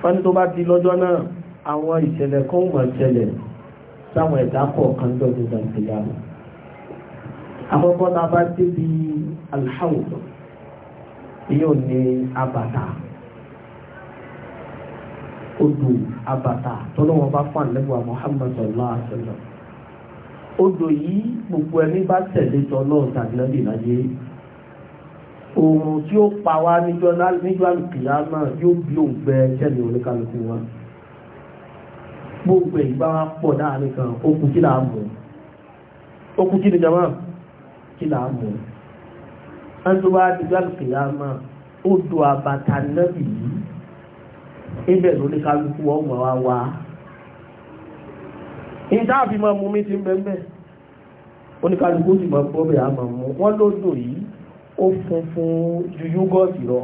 wọ́n tó bá di lọ́jọ́ náà àwọn ìṣẹ̀lẹ̀ kan mọ̀ ṣẹlẹ̀ sáwọn ẹ̀dá kọ̀ọ̀kan lọ́dún dàgbéyà àkọ́kọ́ ta bá débi alhawd yóò ní abàtà odò abàtà tọ́lọ́wọ́n bá fún àlẹ́wà Muhammad sallallahu alaihi wasallam odò yìí gbogbo ẹni bá tẹ̀lé tọ́lọ́ tàbí lọ́dún ìlàjẹ́ oòrùn tí ó pa wá níjọ́ àlùkìyámà yóò bí òǹgbẹ jẹ́mi oníkálukú wa gbogbo èyí bá wá pọ̀ láàrin kan okùn kí làá mú okùn kí ni jama kí làá mú ẹni tó bá níjọ́ àlùkìyámà ó do àbàtà nẹ́bì yìí ibẹ̀ lóníkálukú wa ó mọ̀ wá wá ìdáàbí máa mú mi ti ń bẹ́ẹ̀ bẹ́ẹ̀ oníkálukú sì máa gbọ́ bẹ́ẹ̀ á máa mú wọ́n ló yìí ó funfun ju yúgọ̀tì lọ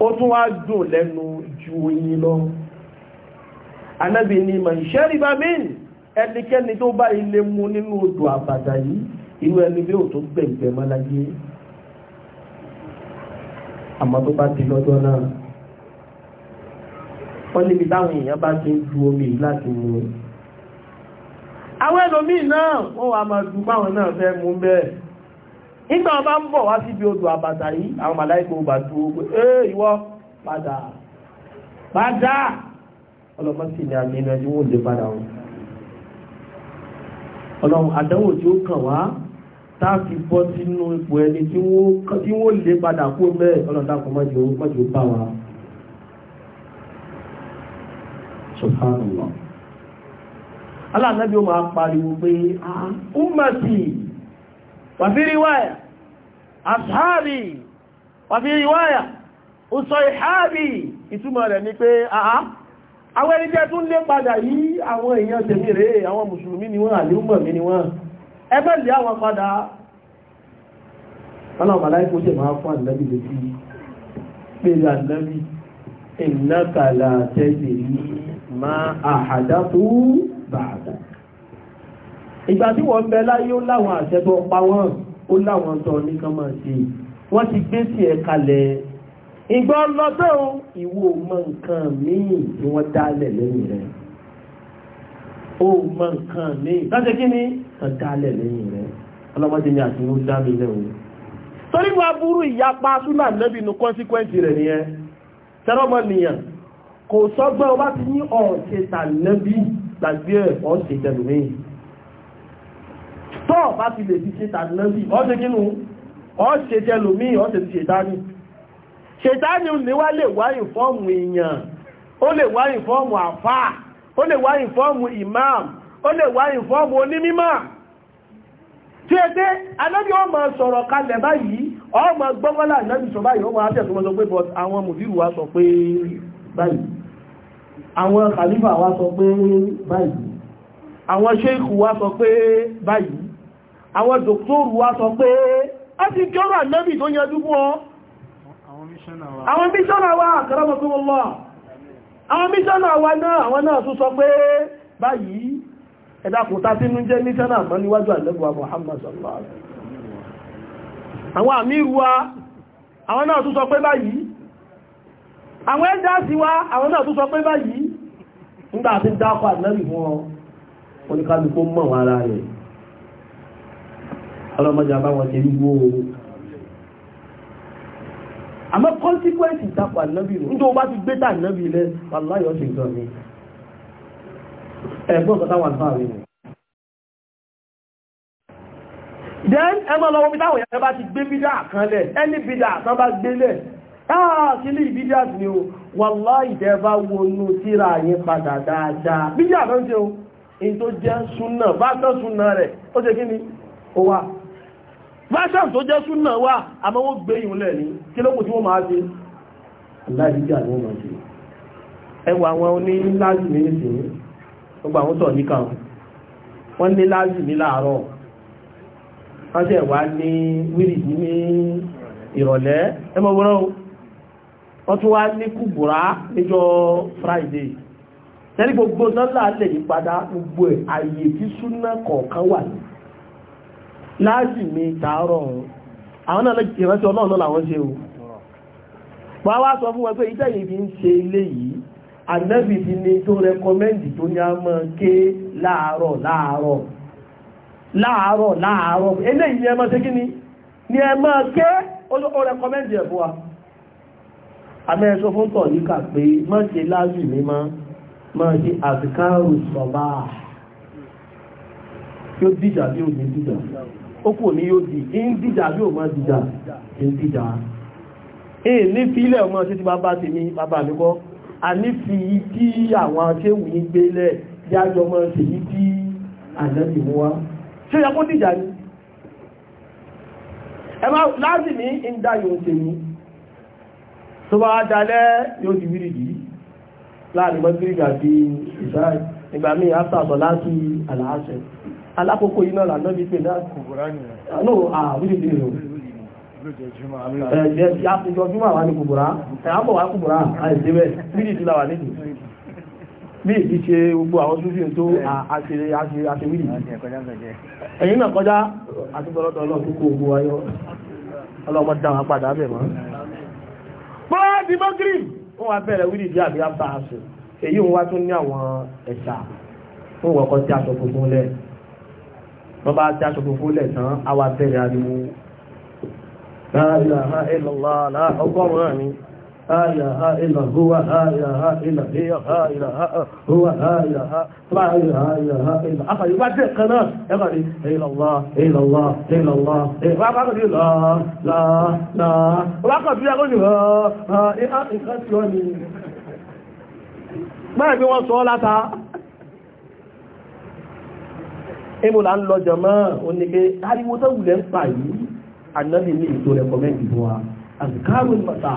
ó tún wá dùn lẹ́nu ju oyin lọ anábì ni mà ìṣẹ́ríbá mìíní ẹnikẹ́ni tó bá ilé mu nínú odò àbàdà yìí irú ẹni bí ò tó gbẹ̀gbẹ̀ mọ́ láyé àmọ́ tó bá di lọ́jọ́ náà wọ́n níbi táwọn èèyàn bá ti ń ju omi láti mú un àwọn ẹlòmíì náà wọ́n wà máa ju báwọn náà fẹ́ mú bẹ́ẹ̀ nígbà wọn bá ń bọ̀ wá síbi odò àbàtà yìí àwọn màláìkò bá tó ogbé ee ìwọ padà padà ọlọ́pàá sì ní àmì ẹni wọ́n lè padà wọn ọlọ́run àdánwò tí ó kàn wá táàfi bọ́ sínú ipò ẹni tí wọ́n lè padà kó mẹ́ẹ̀ ọlọ́dàkùn mọ́jú mọ́jú bá wa subhanallah aláàbẹ̀bí ó máa pariwo pé ah ummati وفي رواية أصحابي وفي رواية أصحابي ìtumọ̀ rẹ̀ ni pé àá àwọn ẹni jẹ́ tún lé padà yìí àwọn èèyàn tèmi rẹ̀ àwọn mùsùlùmí ni wọ́n àlúmọ̀ mi ni wọ́n ẹgbẹ́ lè àwọn padà ọlọ́pàá láìkó jẹ́ máa fún àdínábì lè fi pèlú àdínábì ìnákàlà tẹ́sì rí máa àhàdá tó bàá ìgbà tí wọ́n bẹ láyé ó láwọn àṣẹ́gbọ́ pa wọ́n ó láwọn tọ́ ní kan máa ṣe wọ́n ti gbé sí ẹ̀ kalẹ̀ ìgbọ́ lọ́tọ́ ìwọ mọ nǹkan míì tí wọ́n dálẹ̀ lẹ́yìn rẹ̀ ó mọ nǹkan míì láti kí ni kan dálẹ̀ lẹ́yìn rẹ̀ ọlọ́mọdé ni àti wọ́n dá mi lẹ́wọ̀n torí wọn burú ìyapa súnà lẹ́bi nu consequence rẹ̀ nìyẹn tẹ́rọmọ nìyàn kò sọ́gbọ́n ọba ti ní ọ̀ọ́sẹ̀ tà lẹ́bi gbàgbé ẹ̀ ọ̀ọ́sẹ̀ tẹ̀lùmíì tó ọ̀bá ti lè fi ṣe tàbí ọ́ṣe kínú ọ́ṣe tẹ́lòmí ọ́ṣe ti ṣètánì ṣètánì ní wá lè wá ìfọ́ọ̀mù èèyàn ó lè wá ìfọ́ọ̀mù àfá ó lè wá ìfọ́ọ̀mù imam ó lè wá ìfọ́ọ̀mù onímímọ̀ tí ẹ pé anábí ó máa sọ̀rọ̀ kalẹ̀ báyìí ó máa gbọ́gbọ́lá ìnábì sọ báyìí ó máa tẹ̀ tó mọ́ sọ pé but àwọn mùdírù wa sọ pé báyìí àwọn khalifa wa sọ pé báyìí àwọn sheikh wa sọ pé báyìí àwọn dòktóòrù wá sọ pé a ti kọ́rọ̀ ànábì tó yẹjú fún ọ àwọn míṣọ́nà wa àkàràmọ́sọ́wọ́lọ́ àwọn míṣọ́nà wa náà àwọn náà tún sọ pé báyìí ẹ̀dàkùn ta sínú jẹ́ míṣọ́nà mọ́ níwájú àlẹ́gbà Muhammad sallallahu alaihi wasallam àwọn àmírù wa àwọn náà tún sọ pé báyìí àwọn ẹ̀dá sí wa àwọn náà tún sọ pé báyìí nígbà ọlọ́mọdé àbáwọn ti wíwó owó àmọ́ consequence ìtakò ànábì rò nítorí wọ́n bá ti gbé tà ànábì ilẹ̀ aláyọ̀ sí ìjọ mi ẹ̀gbọ́n kan táwọn àlùfáà rẹ̀ then ẹmọ lọ́wọ́ bí táwọn ìyàwó bá ti gbé bídá kan lẹ̀ ẹni bídá kan bá gbé lẹ̀ ah kí ní ìbídá ni o wallahi ìdẹ́bá wọnú tíra yẹn padà dáadáa bídá kan ṣe o in tó jẹ́ súnà bá tán súnà rẹ̀ ó ṣe kí ni ó wà fashion tó jẹ́ súnà wà àmọ́ wọ́n gbé ìhun lẹ̀ ní kí ló kù tí wọ́n máa ṣe aláìjíjà ni wọ́n máa ṣe ẹwà àwọn oní láàzì ní nìsín gbogbo àwọn sọ̀ níkà wọ́n ní láàzì ní láàárọ̀ wọ́n sì wá ní wírìdì ní ìrọ̀lẹ́ ẹmọ Friday tẹ́lẹ̀ gbogbo náà láàlẹ̀ yípadà gbogbo àyè tí súnà kọ̀ọ̀kan láàṣì mi tààrọ̀ ọ̀hún àwọn náà ìrántí ọlọ́run náà làwọn ṣe o wọ́n wá sọ fún wọn pé iṣẹ́ yìí fi ń ṣe ilé yìí ànábì ti ní tó rẹkọmẹ́ndì tó ní a mọ́ ké láàárọ̀ láàárọ̀ láàárọ̀ láàárọ̀ eléyìí ni ẹ máa ṣe kí ni ni ẹ máa ké ó rẹkọmẹ́ndì ẹ̀ fún wa amẹ́sọ fún tọ̀ níkà pé má ṣe láàzù mi má má ṣe yóò dìjà bí òní dìjà ó kò ní yóò di ń dìjà yóò máa dìjà ń dìjà èè ní fi ilẹ̀ ọmọ títí bàbá ti ní bàbá mi kọ́ a ní fi tí àwọn aṣéwù ní gbélẹ̀ yájọ mọ́ sí yí tí àjẹ́bì mú wá ṣe yẹ kó dìjà ní ẹmà láti ní ìdá yóò ṣe ní tó bá dalẹ́ yóò di wírìdì láàrin mọ́ alákòókò iná lànàbí pé náà ìjọjúmọ̀ àwọn akùbùrá ẹ̀yàmọ̀ wà kùbùrá àìsẹ́wẹ̀ bídì tí láwà nìdí bí ìdí ṣe gbogbo àwọn tó fíò tó àṣewìdì ẹ̀yìn náà kọjá àti gbọ́lọ́tọ̀ ọlọ́ọ̀kú ogun ayọ́ ọlọ́mọdá wọn padà bẹ̀ mọ́ bọ́ọ̀dì mọ́gírì wọ́n wá bẹ̀rẹ̀ wídì bí àbí àbáṣe èyí wọ́n wá tún ní àwọn ẹ̀ṣà fún wọ́kọ́ tí aṣọ funfun lẹ́ẹ̀ wọ́n bá tí aṣọ fòfó lẹ̀ tán àwà bẹ̀rẹ̀ ariwo láàrínláà ìlàlá ọgọ́rùn-ún àmì láàrínláà ìlàlá ìlàlá ìlàlá ìlàlá ìlàlá ìlàlá ìlàlá ìlàlá ebo la ń lọ jọmọ́ oníke ariwo tó wulẹ̀ ń pa yìí anabi ní ètò rẹ̀kọ́mẹ́ntì fún wa àzùkárò mọ̀tà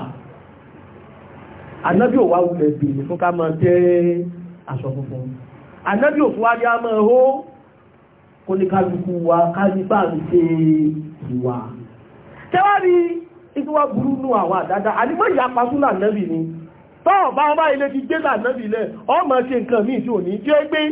anabi ò wá wulẹ̀ bèrè fún ká máa tẹ́ aṣọ funfun anabi ò fún wa ní a máa hó kó ní kálukú wa kájú bá mi ṣe ìwà tẹ́wárí ikú wa burú nù àwọn àdáda àdìmọ́ ìyá pasúlà anabi ni tọ́ọ̀ bá ọba ilé ti gbé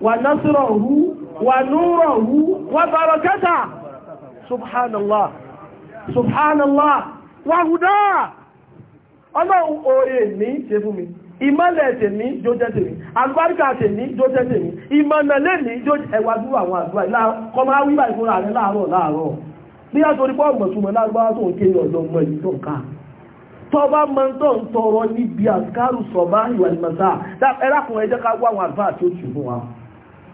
wa nasrahu wa nurahu wa barakata subhanallah subhanallah wa huda ọlọ́run ṣe fún mi ìmọ́lẹ̀ tèmi jó jẹ́ tèmi agbáríkà tèmi jó jẹ́ tèmi ìmọ̀nà lèmi jó ẹwà àwọn àdúrà ìlà ìfúnra rẹ láàárọ̀ láàárọ̀ bí a torí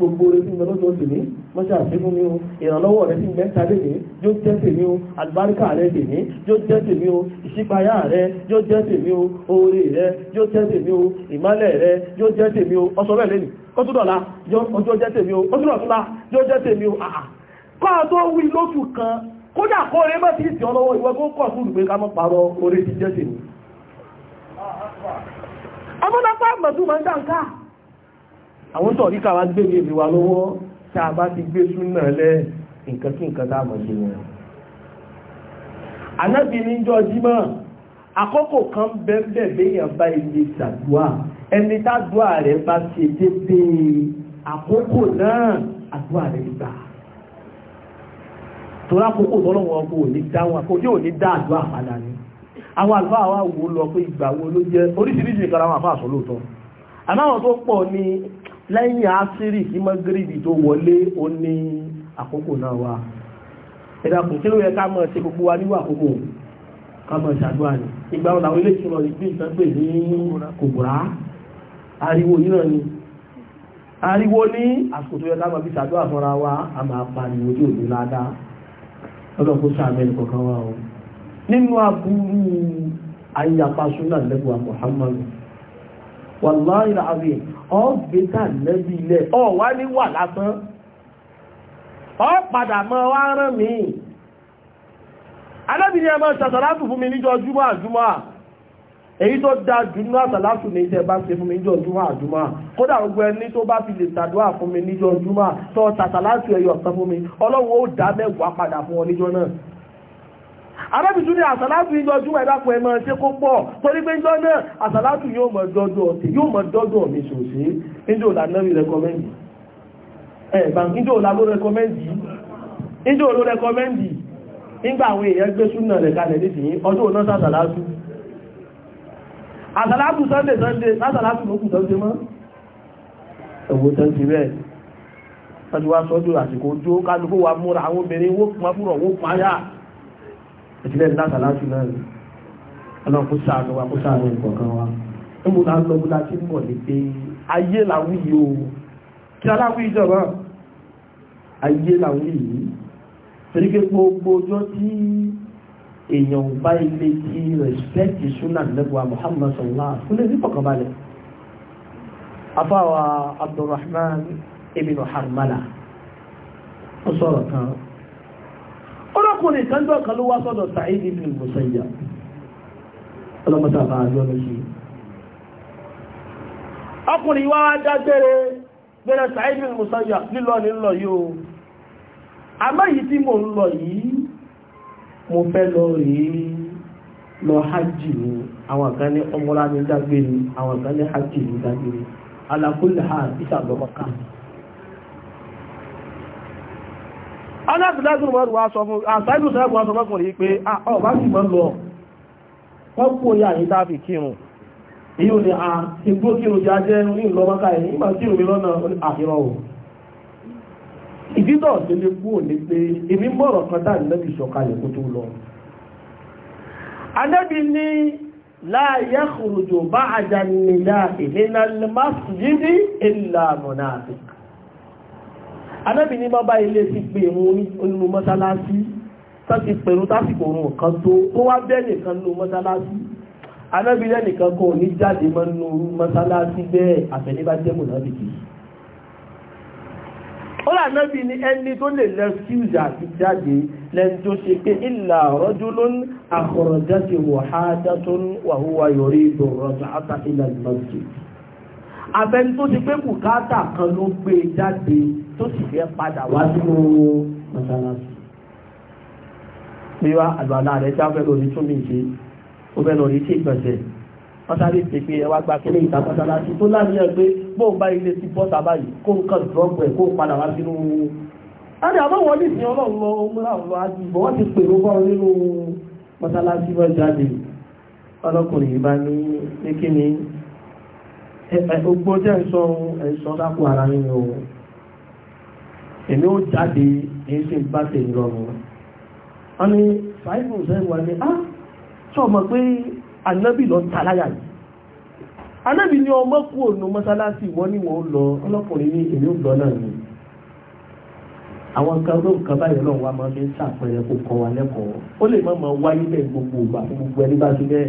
gbogbo orí tí ń tèmi mọ́ṣẹ́ àṣẹ́gun mi o ìrànlọ́wọ́ rẹ ti ń bẹ sáré mi yóò jẹ́ tèmi o àlùbáríkà rẹ tèmi yóò jẹ́ tèmi o ìṣípayá rẹ yóò jẹ́ tèmi o oore rẹ yóò jẹ́ tèmi o ìmọ́lẹ̀ rẹ yóò jẹ́ tèmi o ọsọ bẹ́ẹ̀ lẹ́nu kọ́túndọ̀la yóò jẹ́ tèmi o kọ́túndọ̀túnla yóò jẹ́ tèmi o àà kọ́ wí lóṣù kan kódà ti ọlọ́wọ́ ìwọ tó kọ̀ fún ká mọ́ pàrọ̀ orí ti jẹ́ tèmi. máa ń dá nǹkan àwọn tó ríkà wá gbé ìrìn wa lọ́wọ́ tí a bá ti gbé súnà lẹ́ nǹkan kí nǹkan dáàmọ̀ sí wọn anábì ní jọ jímọ̀ àkókò kan bẹ́ẹ̀ bẹ́yàn bá ilé ṣàdúà ẹni tádùà rẹ̀ bá ṣe dédé àkókò náà àdúà rẹ̀ gbà torí àkókò tọ́lọ́wọ́ ọkọ̀ ò ní dáhùn àkókò ò ní dá àdúà padà ni àwọn àlùfáà wà wò lọ pé ìgbà wo àwọn tó pọ̀ ní lẹ́yìn àṣírí sí mọ́gírìbì tó wọlé ó ní àkókò náà wá ẹ̀dàkùn tí ó yẹ ká mọ̀ ṣe gbogbo wa níwà àkókò ká mọ̀ ṣàdúrà ní ìgbà wọn làwọn ilé ìṣúná ìgbé ìtọ́gbè ní kòbùrá ariwo yìí náà ni ariwo ní àsìkò tó yẹ ká mọ̀ fi ṣàdúrà fúnra wa a máa pa ariwo tí ò ní ládàá lọ́dọ̀ kó sáàmì ẹnì kọ̀ọ̀kan wa o nínú aburú ayé apasúnà lẹ́gbọ̀n Muhammadu wàláhì làbí ọ̀gbẹ́ta lẹ́bí ilẹ̀ ọ̀wá ní wà lásán ọ padà mọ́ wá rán mi alábìnrin ẹmọ ṣàṣàlátù fún mi níjọ júmọ́ àjúmọ́ èyí tó dá jùlọ àṣàlátù ní iṣẹ́ bá ṣe fún mi níjọ júmọ́ àjúmọ́ kódà gbogbo ẹni tó bá fi lè tàdúrà fún mi níjọ júmọ́ tó ṣàṣàlátù ẹyọ ọ̀sán fún mi ọlọ́run ó dá mẹ́wàá padà fún ọ níjọ náà arábìtú ní àsàlátù ìjọjú ẹ̀dàpọ̀ ẹ̀mọ̀ ṣe kó pọ̀ torí pé ìjọ náà àsàlátù yóò mọ̀ dọ́dọ̀ ọ̀tẹ̀ yóò mọ̀ dọ́dọ̀ mi ṣòṣe ìjọ ìlànà rí rẹkọmẹ́ndì ẹ̀bà ìjọ ìlànà rẹkọmẹ́ndì ìjọ ìlò rẹkọmẹ́ndì nígbà àwọn èèyàn gbé súnà rẹ̀ kalẹ̀ nísìnyí ọdún ọ̀nà sàsàlátù àsàlátù sunday sunday sàsàlátù ló kù sunday mọ́ ẹ̀wọ̀ sunday bẹ́ẹ̀ wọ́n ti wá sọ́dọ̀ àsìkò ojú kálukú wa múra àwọn obìnrin wó pọn fúnra wó pọn yáà ìtìlẹ̀ látàlátì náà ni ọlọ́run kó sáànù wa kó sáànù ìkọ̀ọ̀kan wa níbo la ń lọ bóla tí ń bọ̀ ní pé ayé làwọn yìí o kí aláwọ̀ ìjọba ayé làwọn yìí torí pé gbogbo ọjọ́ tí èèyàn bá ilé tí rẹ̀spẹ́tì súnà lẹ́gbàá Muhammad sallallahu alaihi wasallam fúnlẹ̀ ní kọ̀kànbalẹ̀ afáwa Abdulrahman ibn Harmala ó sọ̀rọ̀ kan ọlọ́kùnrin kan jọ kan ló wá sọ́dọ̀ Sa'id ibn Musayyab ọlọ́mọta bá yọ lọ ọkùnrin wá dágbére gbẹ̀rẹ̀ Sa'id ibn Musayyab lílọ nílọ yóò yìí tí mo ń lọ yìí mo fẹ́ lọ rí lọ hajj ní àwọn kan ní ọmọlá ní dágbére àwọn kan ní aláàbìláàbìlú mọ́rù wá sọ fún àṣáìlú ah, sẹ́gbù wá sọ fún yí pé ah, ọba sì mọ́ lọ wọ́n kú oyà ní tàbí kírun èyí ò ní a ah, ti gbó kírun jẹ́ ajẹ́ ní ìlú ọmọ káyẹ̀ nígbà kírun mi lọ́nà àhírọ̀ o ìdítọ̀ sí lè kú òní pé èmi mọ̀rọ̀ kan dà nílẹ̀ ìṣọ̀kalẹ̀ kó tó lọ Ànábì ní láyé kùrùjò bá àjà nílá ìlẹ́nà masjidi illa munafiq anábì ní bá bá ilé ti pè wọn nínú mọ́sálásí tó ti pẹ̀rù tásìkò òun kan tó tó wá bẹ́ẹ̀ nìkan nínú mọ́sálásí anábì lẹ́nìkan kò ní jáde mọ́ nínú mọ́sálásí bẹ́ẹ̀ àfẹ́níbá jẹ́ mùnábìkì ó rà náàbí ní ẹni abẹni tó ti pé bùkátà kan ló gbé e jáde tó sì fẹ́ padà wá sínú mọ́sálásí bí wá àgbàlá rẹ̀ tí a fẹ́ lórí tún mi ṣe ó fẹ́ lórí tí ìgbọ̀nsẹ̀ wọ́n sáré pè pé ẹwà gba kílé ìta mọ́sálásí tó láàrin ẹ̀ pé bóun bá ilé ti bọ́ta báyìí kó ń kàn dọ́pọ̀ ẹ̀ kó padà wá sínú Adé àbáwọn ní ìsìn ọlọ́run lọ múra ọ̀rọ̀ àjíbọ̀ wọ́n ti pèrò bọ́ nínú mọ́sálásí wọ́n jáde. Ọlọ́kùnrin ní ní kí ni ogbó jẹ́ ẹ̀sọ́ ẹ̀sọ́ dákú ara ní ohun èmi ó jáde èyí sí bá tẹ̀ ìrọ̀rùn wọ́n ni fàífù sẹ́wà ní á sọ mọ̀ pé anábì lọ tàláyà yìí anábì ní ọmọ kú ònà mọ́sálásì wọ́n ní wọ́n lọ ọlọ́kùnrin ní èmi ó lọ náà ni àwọn kan ló kan báyìí lọ́wọ́ wa máa fi ń sàpẹẹrẹ kó kọ́ wa lẹ́kọ̀ọ́ ó lè má máa wáyé bẹ́ẹ̀ gbogbo ògbà gbogbo ẹni bá ti bẹ́ẹ̀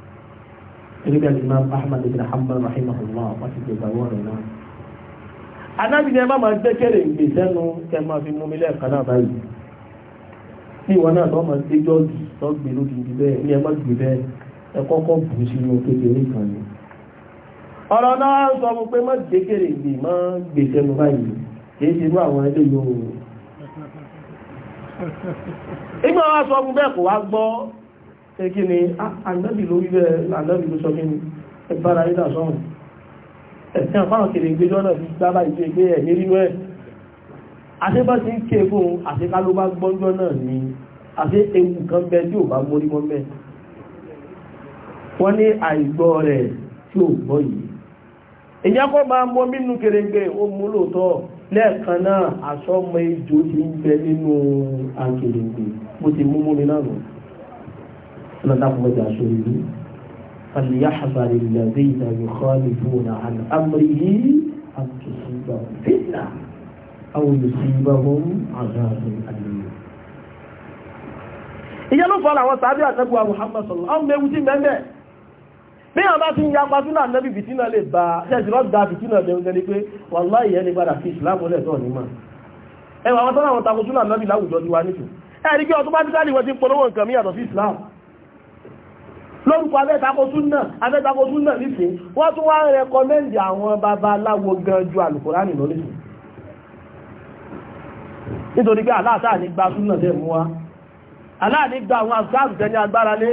nígbà tí máa Ahmad ibn Hanbal rahimahullah wọ́n ti gbèsè àwọn ọ̀rọ̀ náà. anábì ni ẹ má máa gbẹ́kẹ̀lé ìgbésẹ́nu kẹ́ máa fi mú mi lẹ́ẹ̀kan náà báyìí tí ìwọ náà lọ́mọ sí jọ́ọ̀gì lọ́gbè lódìdí bẹ́ẹ̀ ní ẹ má gbé bẹ́ẹ̀ ẹ kọ́kọ́ bù ú sínú kékeré kan ni. ọ̀rọ̀ náà sọ fún pé má gbẹ́kẹ̀lé ìgbè má gbèsẹ́nu báyìí kì ṣe irú àwọn kí ni ànábì ló wíwẹ́ ànábì ló sọ kí ni ẹgbára ìdà sọ́run ẹ̀sìn àfáwọn kèrè ìgbéjọ́ náà fi gbára ìgbé ìgbé ẹ̀mí rínú ẹ̀ àṣẹ́bá ti ń ké fún àṣẹ́ká ló bá gbọ́njọ́ náà ni àṣẹ́ ewu kan bẹ tí ò bá mórí mọ́ bẹ́ẹ̀ wọ́n ní àìgbọ́ rẹ̀ tí ò gbọ́ yìí ìyá kọ́ máa mọ́ mínú kèrègbè ó mú lóòótọ́ lẹ́ẹ̀kan náà àṣọ́mọ ejò ti ń bẹ nínú àkèrègbè bó ti mú mú mi náà nù lọ́dàpọ̀ ọjà sórí mi فليحذر الذين يخالفون عن أمره أن تصيبهم فتنة أو يصيبهم عذاب أليم ìyẹn ló fọ́lá àwọn sàábí àtẹ́gbùwà Muhammad sọ̀rọ̀ àwọn ewu tí mẹ́mẹ́ bí àwọn bá ti ń ya pàtúnà nẹ́bí fìtínà lè bá ṣẹ́sìrọ́ gba fìtínà lẹ́wọ́n ní pé wallahi ìyẹn ní padà láwùjọ ti wá nìtò ẹ̀rí ọtún bá ti sáàlì wọ́n ti polówó nǹkan míyàtọ̀ sí ìsìláàmù lórúkọ abẹ́takò súnà abẹ́takò súnà nísìn wọ́n tún wá ń rẹkọmẹ́ndì àwọn babaláwo gan ju alùkùránì lọ nísìn nítorí pé aláàtà ní gba súnà tẹ́ mú wa aláà ní gba àwọn asáàrù tẹ́ ní agbára lé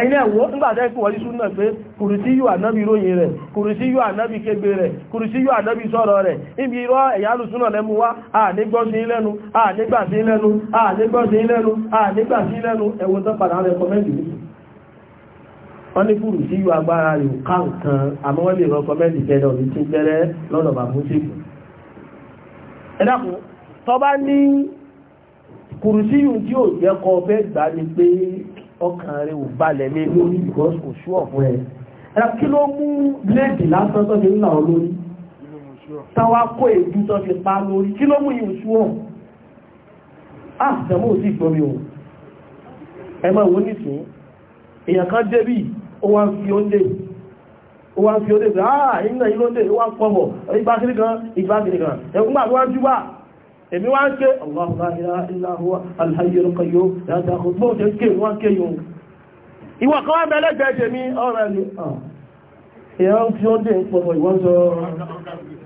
ẹ̀yìn ẹ̀wọ́ nígbàtẹ́ kí wọ́n rí súnà pé kùrùsí yóò ànábì ròyìn rẹ̀ kùrùsí yóò ànábì kégbe rẹ̀ kùrùsí yóò ànábì sọ̀rọ̀ rẹ̀ ibi irọ́ ẹ̀yàlù súnà lẹ́mú wá ànígbọ́sí lẹ́nu ànígbàsí lẹ́nu ànígbọ́sí lẹ́nu lẹ́nu ẹ̀wọ́n tó padà rẹ̀ kọ́mẹ́ntì wọ́n ní fúrù sí yóò agbára yóò ká nǹkan àmọ́ wọ́n lè rán kọ́mẹ́ntì kẹ́lẹ́ òní tí gbẹ́rẹ́ lọ́dọ̀ bàbá ṣègùn ẹ dákun tó bá ní kùrùsí yóò tí ò jẹ́ kọ́ fẹ́ gbà ní pé ọkàn rẹ̀ ò balẹ̀ lé lórí because ah jẹ́mú ò sí ìgbọ́mi o ẹ kan débì ó wá ń fi oúnjẹ ó wá ń fi oúnjẹ pé àà ah, ìnà yìí lóúnjẹ ó wá ń pọ̀bọ̀ ìgbà kiri kan ìgbà kiri kan ẹkùn gbà tó wá ń èmi wá ń ké Allahu la ilaha illa huwa èèyàn fi ó dé pọ̀pọ̀ ìwọ́n sọ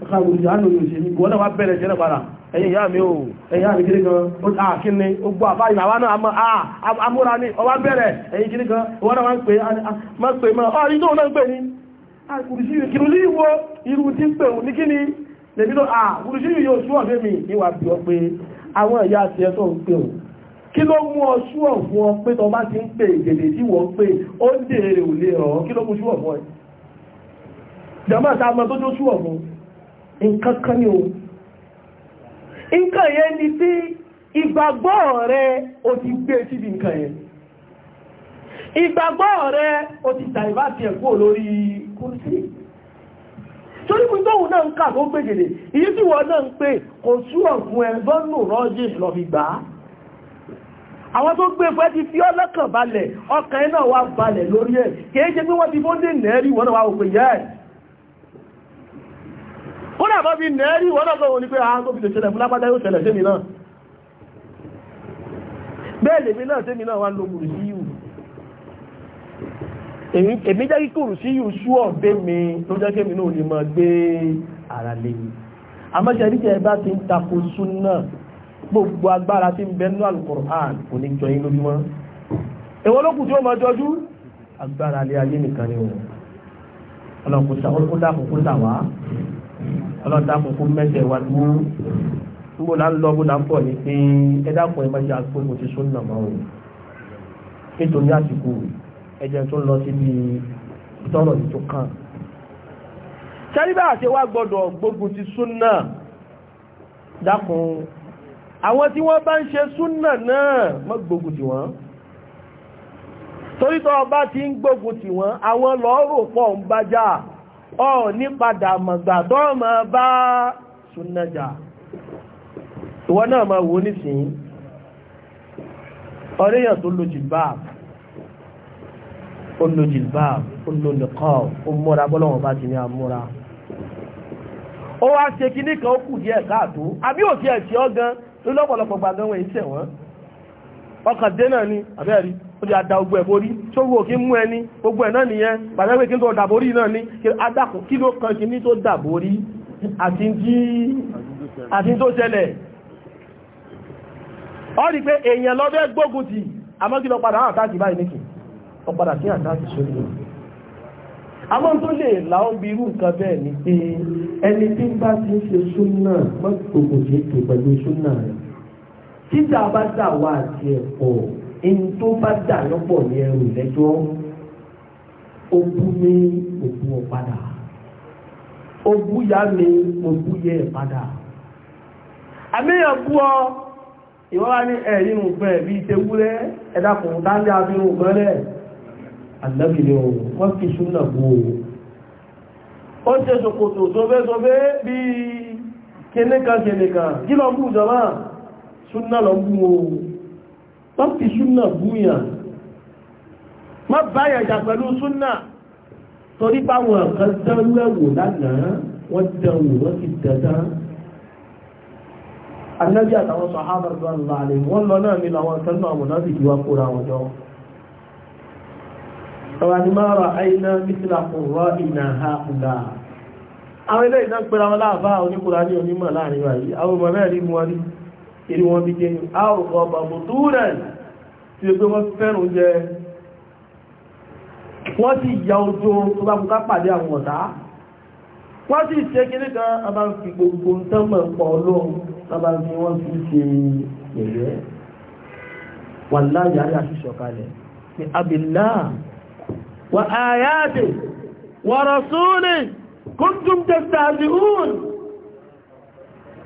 ọkàrùn-ún àánú ìṣèlú ìwọ́n náà wá bẹ̀rẹ̀ jẹ́ padà ẹ̀yìn ìyá mi ò ẹ̀yìn àmì kiri kan àkíní ogbó àbáyìn àwa náà amúra ní ọwá bẹ̀rẹ̀ ẹ̀yìn kiri kan wọ́n náà wá ń pè má pè mọ́ ọ̀rí tó náà ń pè ní kìrùsí ìwọ irú tí ń pè ní kí ni lèmi lọ àkùrùsí yóò sú ọ̀dẹ́ mi níwà bí ọ pé àwọn ìyá àti ẹ̀ tó ń pè ọ́ kí ló mú ọ sú ọ̀ fún ọ pé tọ́ bá ti ń pè gèdè tí wọ́n pè ó ń dèrè ò rọ̀ kí ló mú sú fún ọ jama ta ma tó tó sú ọ̀gbọ̀n ni o ni pé ìgbàgbọ́ rẹ o ti gbé e síbi nǹkan yẹn ìgbàgbọ́ rẹ o ti dàìbàtì ẹ̀kú olórí kùrùsí torí pé tóhun náà ń kà tó gbèjèlè èyí tí wọ́n náà ń pè kò sú rọ́jì lọ ti fi ọlọ́kàn balẹ̀ ọkàn wa balẹ̀ lórí ẹ̀ kìí ṣe pé wọ́n ti fóndé nẹ́rí wọ́n náà wà ó dàbọ́ fi nẹ́ẹ̀rí wọ́nàkọ̀wọ́ ní pé a ah, tó fi lè ṣẹlẹ̀ fún lápátá yóò ṣẹlẹ̀ sẹ́mi náà bẹ́ẹ̀ lèmi náà sẹ́mi náà wà ló kùrù sí yù èmi jẹ́ kí sí yù sú ọ̀bẹ́ mi ló jẹ́ kémi náà ò ní mọ̀ gbé ara lè mi àmọ́ṣẹ́ ríjẹ́ bá ti ń tako súnà gbogbo agbára tí ń bẹnú Al-Qur'an kò ní jọ inú bímọ́ ẹ̀wọ́n ló kù tí ó máa jọjú agbára lé ayé nìkan ni wọn ọlọ́kùnrin kó ọlọ́ta kò fún mẹ́sẹ̀ wá dúró níbo là ń lọ bó là ń pọ̀ ní pé ẹ dákun ẹ má jẹ́ àpò mo ti sún nà mọ́ o nítorí àsìkò ẹ̀jẹ̀ tó lọ síbi tọ́rọ̀ tó kàn. sẹ́ríbà àti wá gbọ́dọ̀ gbógun ti súnà dákun àwọn tí wọ́n bá ń ṣe súnà náà má gbógun ti wọ́n torí tó ti ń gbógun ti wọ́n àwọn lọ́ọ́rò pọ̀ ń bájà ọ ní padà mọ̀gbà tó mọ̀ bá súnnájà ìwọ náà ma wo nísìn ọ̀rẹ́yàn tó lo jìlbáàb ó lo jìlbáàb ó lo nìkọ́ ó múra bọ́lọ́wọ́n bá ti ní àmúra ó wá ṣe kí ní kan ó kù díẹ̀ káàtó àbí òkè ẹ̀ tí ọ lọ́pọ̀lọpọ̀ gbàgbọ́n wọ̀nyí tẹ̀ wọ́n ọkàn dé ni àbẹ́rí ó di àdá ogbò ẹ̀borí tó wò kí mú ẹni gbogbo ẹ̀ náà nìyẹn pàtàkì kí n tó dàborí náà ní adákùn kí ló kan kí ní tó dàborí àti tó ṣẹlẹ̀ ó rí pé èèyàn lọ́dẹ́ gbógun ti àmọ́ kí lọ padà àwọn àtàkì báyìí nìkì ọ padà sí àtàkì sórí àmọ́ tó lè láwọn bí irú nǹkan bẹ́ẹ̀ ni pé ẹni tí bá ti ń ṣe súnà mọ́tòkò ṣe ètò pẹ̀lú títà bá dà àti ẹ̀pọ̀ ẹni tó bá dà lọ́pọ̀ ní ẹrù lẹ́jọ́ ó bú mi ó bú ọ padà ó bú ya mi ó bú yẹ ẹ padà àmìyàn bú ọ ìwọ́n wá ní ẹ̀rí nùgbọ́n ẹ̀ bí ìtẹ́wúrẹ́ ẹ̀dá kùn dáńdé abirùn gbọ́lẹ̀ àlẹ́bìnrin ohun wọ́n fi súnà bú o ó ṣe ṣòkòtò sọ́bẹ́sọ́bẹ́ bí kíníkan kíníkan kí lọ bú jọmọ́ súnà lọ bú o má fi súnà búyàn má báyàn jà pẹ̀lú súnà torí báwọn kan dánwẹ̀wò lánàá wọ́n dánwò wọ́n ti dandan annabi àtàwọn sọ̀hábà radiyallahu anhum wọ́n lọ náà nínú àwọn kan náà mọ̀nà bìí wá kóra wọn jọ ọ̀rọ̀ ni máa rà àìná mítìlá ọ̀rọ̀ ìnà ha àwọn ilé ìdán pẹ̀lú láàbá oníkùnrin onímọ̀ láàrin wáyé àwọn ọmọ mẹ́rin mú wọn rí ìlú wọn bí jẹ́ àwọ̀ ọ̀bàbò tó rẹ̀ tí ó pé wọ́n fẹ́ràn jẹ wọ́n sì ya ojú tó bá kúká pàdé àwọn ọ̀tá wọ́n sì ṣe kéré kan a bá ń fi gbogbo tẹ́mọ̀ pọ̀ lóhun a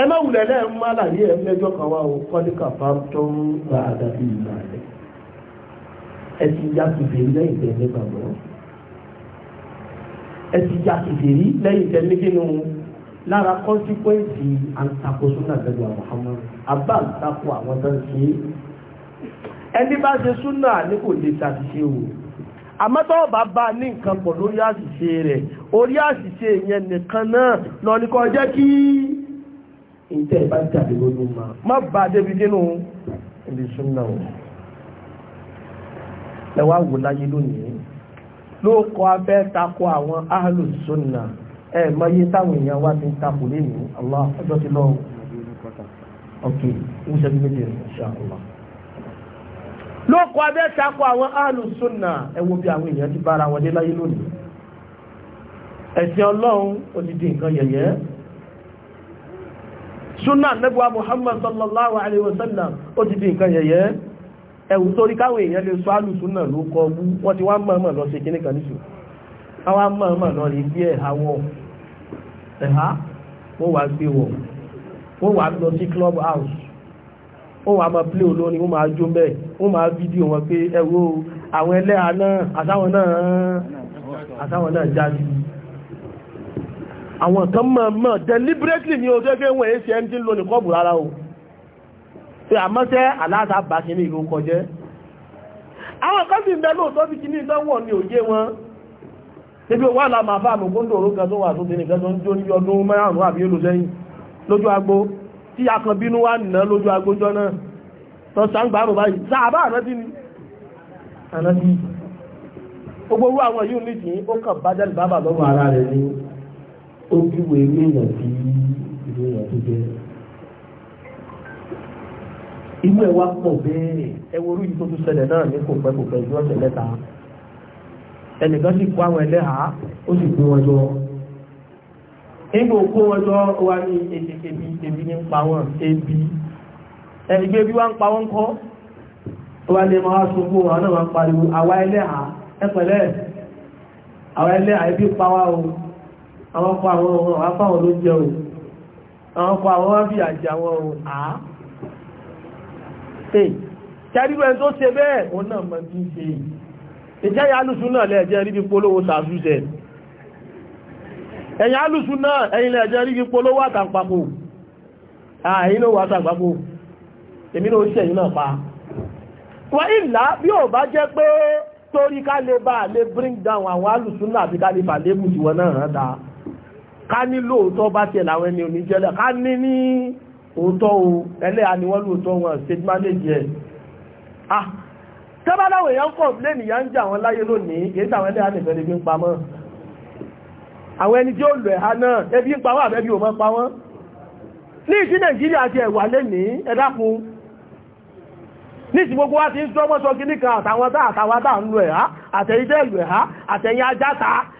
ẹ má wulẹ̀ lẹ́ẹ̀ ń má láyé ẹ lẹ́jọ́ kan wá o kọ́díkà bá tó ń gba àdàbí ìlà rẹ̀ ẹ ti ya kìfèrí lẹ́yìn tẹ̀ nípa bọ́ ẹ ti ya kìfèrí lẹ́yìn tẹ̀ nípa nù lára kọ́síkwẹ́ǹsì àǹtakóso náà lẹ́nu àwọn ọmọ àbá àǹtakó àwọn tó ń ṣe ẹni bá ṣe súnà ní kò lè ṣàṣìṣe o àmọ́tọ́ bá bá ní nǹkan pọ̀ lórí àṣìṣe rẹ̀ orí àṣìṣe yẹn nìkan náà lọ jẹ́ kí ntẹ́ ìbá jáde lójú ma má ba débi dínú ibi súnmọ́ o ẹ wá wò láyé lónìí ló kọ abẹ́ takọ àwọn ahlu sunna ẹ mọyé táwọn èèyàn wá ti ń takò lẹ́nu Allah ọjọ́ ti lọ ok ń ṣe bí méjì insha Allah ló kọ abẹ́ takọ àwọn ahlu sunna ẹ wo bí àwọn èèyàn ti bára wọn dé láyé lónìí ẹ̀sìn ọlọ́run ó nǹkan yẹ̀yẹ́ súnà nẹ́gbà Muhammad sallallahu alaihi wasallam ó ti di nǹkan yẹ̀yẹ́ ẹ̀wù torí káwọn èèyàn lè sọ alù súnà ló kọ bú wọ́n ti wá mọ̀ọ́mọ̀ lọ sí kíní kan níṣù àwọn mọ̀ọ́mọ̀ lọ rí bí ẹ̀há wọ̀ ẹ̀há ó wà gbé wọ̀ ó wà lọ sí club house ó wà máa play olórin ó máa jó mẹ́ ó máa fídíò wọn pé ẹ̀wọ́ àwọn ẹlẹ́ha náà àtàwọn náà àwọn kan mọ̀ mọ̀ deliberately ní ojú ẹgbẹ́ wọn èsì ẹni tí ń lo ní kọ́ọ̀bù rárá o pé àmọ́sẹ́ aláàtà bá kí ní ìlú kọjẹ́ àwọn kan sì ń bẹ lóòótọ́ sí kí ní ìdánwò ní òye wọn níbi wà láàmà fà mí kó ń dòrò kan tó wà tó tẹnì kan tó ń jó níbi ọdún márùn-ún àbí èlò sẹ́yìn lójú agbo tí akàn bínú wà nìna lójú agbo jọ náà tó sàǹgbàrò báyìí sàbá àrántí ni àrántí gbogbo orú àwọn yìí nìkì ó kàn bá jáde bábà lọ́wọ́ ara rẹ̀ ni ó júwe ilé èèyàn tí ilé èèyàn tó jẹ́ inú ẹ̀ wá pọ̀ bẹ́ẹ̀ ẹ wo orí yìí tó tún ṣẹlẹ̀ náà ní kò pẹ́ kò pẹ́ ju ọ̀sẹ̀ mẹ́ta ẹnìkan sì kó àwọn ẹlẹ́hàá ó sì kó wọn jọ nígbà òkú wọn jọ wá ní ebi ebi ní pa wọn ebi ẹnìkan ebi wá ń pa wọn kọ́ wá ní ma wá wọn náà wá pariwo àwa ẹlẹ́hàá ẹ àwa ẹlẹ́hàá ebi pa wá o àwọn ọkọ̀ àwọn ọmọ afáwọn ló jẹ́ òun àwọn ọkọ̀ àwọn wá fi àjà wọn òun àá tè kẹ́rìrò ẹni tó ṣe bẹ́ẹ̀ òun náà mọ̀ tí ń ṣe yìí ìjẹ́yà alùsùn náà lẹ́ẹ̀jẹ́ rí bí polówó sàásùsẹ̀ ẹ̀yìn alùsùn náà ẹ̀yìn lẹ́ẹ̀jẹ́ rí bí polówó àtàǹpapò àìyìn ló wà àtàǹpapò èmi ló ṣẹ̀yìn náà pa wọ́n ìlà bí ò bá jẹ́ pé torí ká lè bá lè bring down àwọn alùsùn náà àti ká lè bà lébù tiwọn náà rán ká ní lóòótọ́ bá tiẹ̀ làwọn ẹni oníjẹ́lẹ̀ ká ní ní òótọ́ o ẹlẹ́yà ni wọ́n lóòótọ́ wọn state manager ẹ̀ ah tẹ́bá láwọn èèyàn kọ̀ lẹ́nì yá ń jà wọn láyé lónìí kìí sàwọn ẹlẹ́yà nìfẹ́ lè fi ń pamọ́ àwọn ẹni tí ó lọ ẹ̀há náà ẹbí ń pawọ́ àbẹ́bí ò mọ́ pa wọ́n ní ìsí nàìjíríà gbogbo wá ti ń sọ́mọ́sọ́ kíníkan àtàwọn tá àtàwọn tá ń lọ ẹ̀há àtẹ̀yìn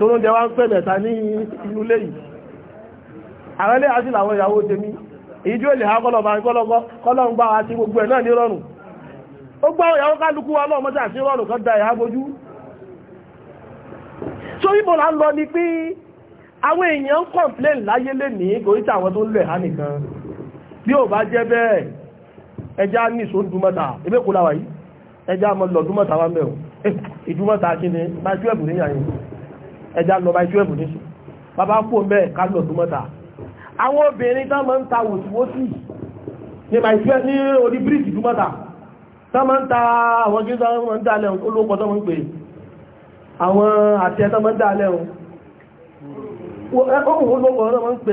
tó ló ń jẹ wá ń pẹ̀ mẹ́ta ní inú lé yìí àwọn ilé àti làwọn ìyàwó tèmi èyí tí ó lè ha kọ́lọ̀bà kọ́lọ̀n gbá àti gbogbo ẹ̀ náà ní rọrùn ó gbá ìyàwó kálukú wa lọ́wọ́ mọ́ta àti rọrùn kan da ìyá bojú so ibo là ni pé àwọn èèyàn ń kọ̀m̀plẹ̀n láyé lè ní goríta àwọn tó kí ni bá jú ẹ̀bùn níyà yìí ẹja lọ bá ìṣúwẹ̀bù níṣù bàbá kú ọmọ ẹ̀ ká lọ tó mọ́ta àwọn obìnrin tán máa ń ta wòsíwòsí ní bá ìṣúwẹ̀ ní orí bíríìjì tó mọ́ta tán máa ń ta àwọn gíga máa ń dalẹ̀ olóko tán máa ń pè àwọn àti ẹ̀tán máa ń dalẹ̀ ohun olóko tán máa ń pè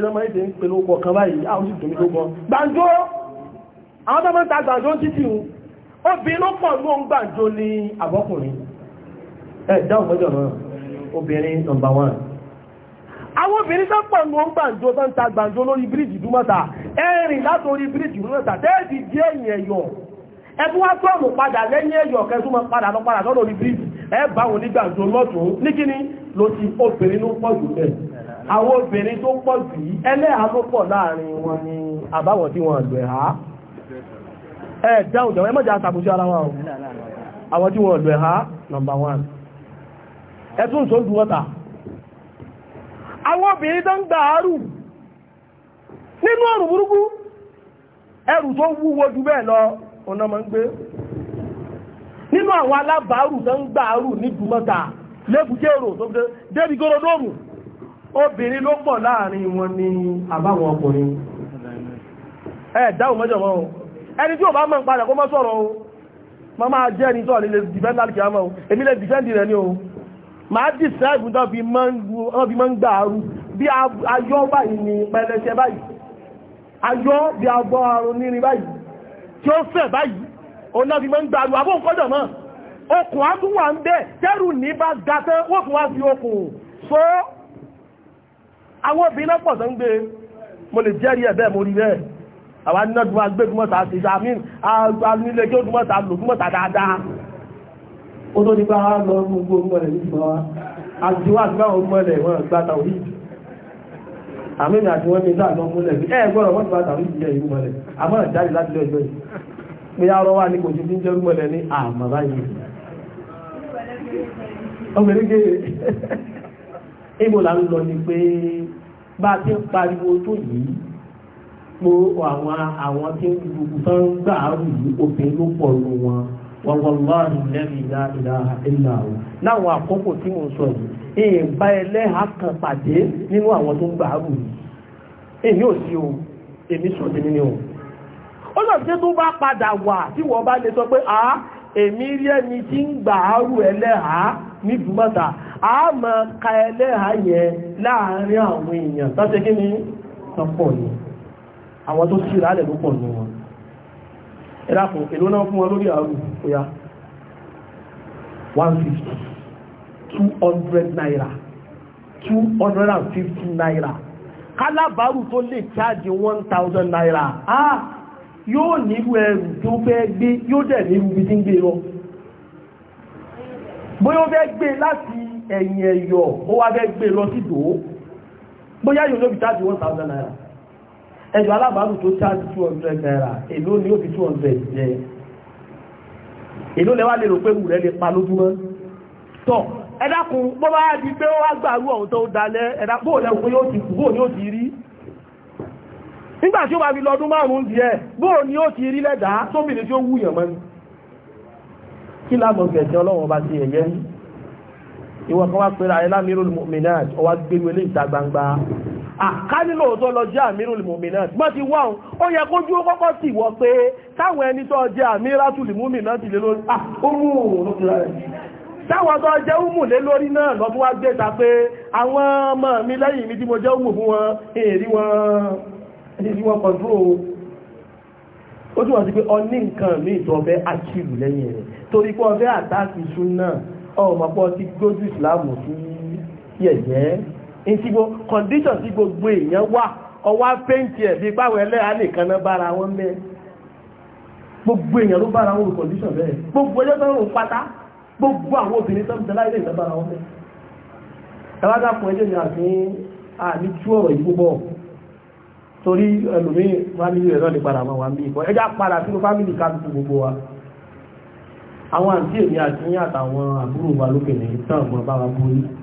ta gbàǹjó títì obìnrin ló pọ̀ ló ń gbàǹjó ní àbọ́kùnrin ẹ̀ dáhùn náà obìnrin nọmbà wán àwọn obìnrin sápọ̀ ní wọ́n gbàǹjo tó ń ta gbàǹjo lórí bíríjì dúmọ́ta ẹ̀rìn látorí bíríjì dúmọ́ta tẹ́ẹ̀dì díẹ̀ yẹn yọ ẹbí wá tọ́ọ̀mù padà lẹ́yìn ẹ̀yọ̀ kẹsùn mọ́ padà lọ padà lọ́dọ̀ bíríjì ẹ bá wọn ní gbàǹjo lọ́tún ní kíní ló ti obìnrin ló pọ̀ jù bẹ́ẹ̀ àwọn obìnrin tó pọ̀ jù yìí ẹlẹ́hà ló pọ̀ láàrin wọn ni àbáwọn tí wọ́n lò ẹ̀há ẹ̀ dáhùn jẹ̀wọ́n ẹ mọ̀jà àtàkùnṣe ara wọn àwọn tí wọ́n lò ẹ̀há number one ẹ̀tún sójú wọ́ta àwọn obìnrin tó ń gba àárù nínú ọ̀rùn burúkú ẹrù tó wúwo jù bẹ́ẹ̀ lọ ọ̀nà n'inu ń gbé nínú àwọn alábàárù tó ń gba àárù ní dùmọ́ta lẹ́bùjẹ́rò tó gbé débi gọ́rọ̀dọ́rù obìnrin ló pọ̀ láàrin wọn ní àbáwọn ọkùnrin ẹ̀ dáhùn mẹ́jọ mọ́ ẹni tí ò bá mọ̀ padà kó mọ́ sọ̀rọ̀ o máa jẹ́ ẹni o lè dìfẹ́ndì rẹ̀ o máa dìsáìbù náà bí mọ́ ń gbà àrùn bí ayọ́ báyìí ni pẹ̀lẹ̀ṣẹ̀ báyìí ayọ́ bí agbọ́ àrùn nírin báyìí tí ó fẹ̀ báyìí o náà bí mọ́ ń gbà àrùn àbó kọ́dọ̀ mọ́ okùn agúnwà ń bẹ́ tẹ́rù ní bá gatẹ́ wọ́n fún wá fi okùn so àwọn obìnrin pọ̀ tó ń gbé mo lè jẹ́rí ẹ̀ bẹ́ẹ̀ mo rí bẹ́ẹ̀ àwọn anínàdùn agbégúnmọ́ta àti ìṣàmín àwọn ilé kí ó dúnmọ́ta lò dúnmọ́ta dáadáa ó tó ní bá wá lọ gbogbo mọ́lẹ̀ ní ìfọ́ àti wá àti báwọn mọ́lẹ̀ wọn gbá tàwí àmì àti wọ́n ní sáà lọ múlẹ̀ bí ẹ gbọ́dọ̀ wọ́n ti bá tàwí ìjẹ́ ìlú mọ́lẹ̀ àmọ́ ìjáde láti lọ ìjọ yìí pé arọ wà ní kò sí jíjẹ́ ìlú mọ́lẹ̀ ní àmọ́ báyìí obìnrin gé ibo là ń lọ ni pé bá ti ń pariwo tó yìí mo àwọn àwọn tí ń gbogbo tán gbà á rù yìí obìnrin wàwàláhì lẹ́rìí ìlàhà ìlàhù láwọn àkókò tí mo sọ yìí èyí bá ẹlẹ́hà kan pàdé nínú àwọn tó ń gbà rù yìí èmi ò sí o èmi sọ ti nínú o ó lọ sí tó bá padà wà tí wọ́n bá lè sọ pé a èmi rí ẹni tí ń gbà rù ẹlẹ́hà ní dùmọ́ta a máa ka ẹlẹ́hà yẹn láàárín àwọn èèyàn tó ṣe kí ni tọ́pọ̀ ni àwọn tó ṣì rálẹ̀ pọ̀ nù wọn ẹ̀dàkùn èlò náà fún wọn lórí àrùn òyà 150 200 naira 250 naira kálábàárù tó lè chájì 1000 naira ah yóò nílùú ẹrù tó fẹ́ gbé yóò dẹ̀ nílùú bí tí ń gbé lọ bóyá ó fẹ́ gbé láti ẹ̀yìn ẹ̀yọ̀ ó wá fẹ́ gbé lọ sí ìdó bóyá yóò lóbi chájì 1000 naira ẹjọ́ alábàárù tó charge two hundred naira èló ni ó fi two hundred jẹ èló lẹ́wà lè rò pé wù rẹ̀ lè pa lójúmọ́ tọ́ ẹ dákun bọ́ bá di pé ó wá gbàrú ọ̀hún tó dalẹ̀ ẹ̀dá bóò lẹ́kùn pé yóò ti kù bóò ni ó ti rí nígbà tí ó bá fi lọ́dún márùn-ún díẹ̀ bóò ni ó ti rí lẹ́dàá tóbìnrin tí ó wúyàn mọ́ ni kí lágbọ̀gbẹ̀ tí ọlọ́run bá ìwọ̀n kan wá pẹ́ra ẹ lámírò mìíràn ọwá gbérú ilé ìta gbangba àkánilò ah, tó lọ jẹ́ àmírùl mùmínà mọ́ ti wá ó yẹ kó jú kọ́kọ́ sì wọ́ pé táwọn ẹni tó jẹ́ àmíràtùl mùmínà ti lè lórí ah, táwọn tó jẹ́ umu lé lórí náà lọ fún wá gbé ta pé àwọn ọmọ mi lẹ́yìn mi tí mo jẹ́ umu fún wọn èrí wọn kọ̀dúrò ó túnmọ̀ sí pé ọ ní nǹkan mi ìtọ́fẹ́ àṣìlù lẹ́yìn rẹ̀ torí pé ọfẹ́ àtàkì sún náà ọmọ pọ̀ ti gbójú ìsìláàmù sí yẹ̀yẹ́ ntí gbogbo condition tí gbogbo èèyàn wà ọwá pẹ́ǹtì ẹ̀ bí páwọn ẹlẹ́ra nìkan náà bára wọn mẹ́ gbogbo èèyàn ló bára wọn condition bẹ́ẹ̀ gbogbo ẹjọ́ tó ń rò pátá gbogbo àwọn obìnrin tó ń tẹ́lá ilé ìtàn bára wọn mẹ́ ẹwádà fún ẹjọ́ ìyá sí àmì tú ọ̀rọ̀ yìí púpọ̀ torí ẹlòmíì fámìlì rẹ̀ náà lè padà wọn wà mí ìkọ́ ẹjọ́ padà sínú fámìlì wa àwọn àǹtí èmi àti àtàwọn ní tàn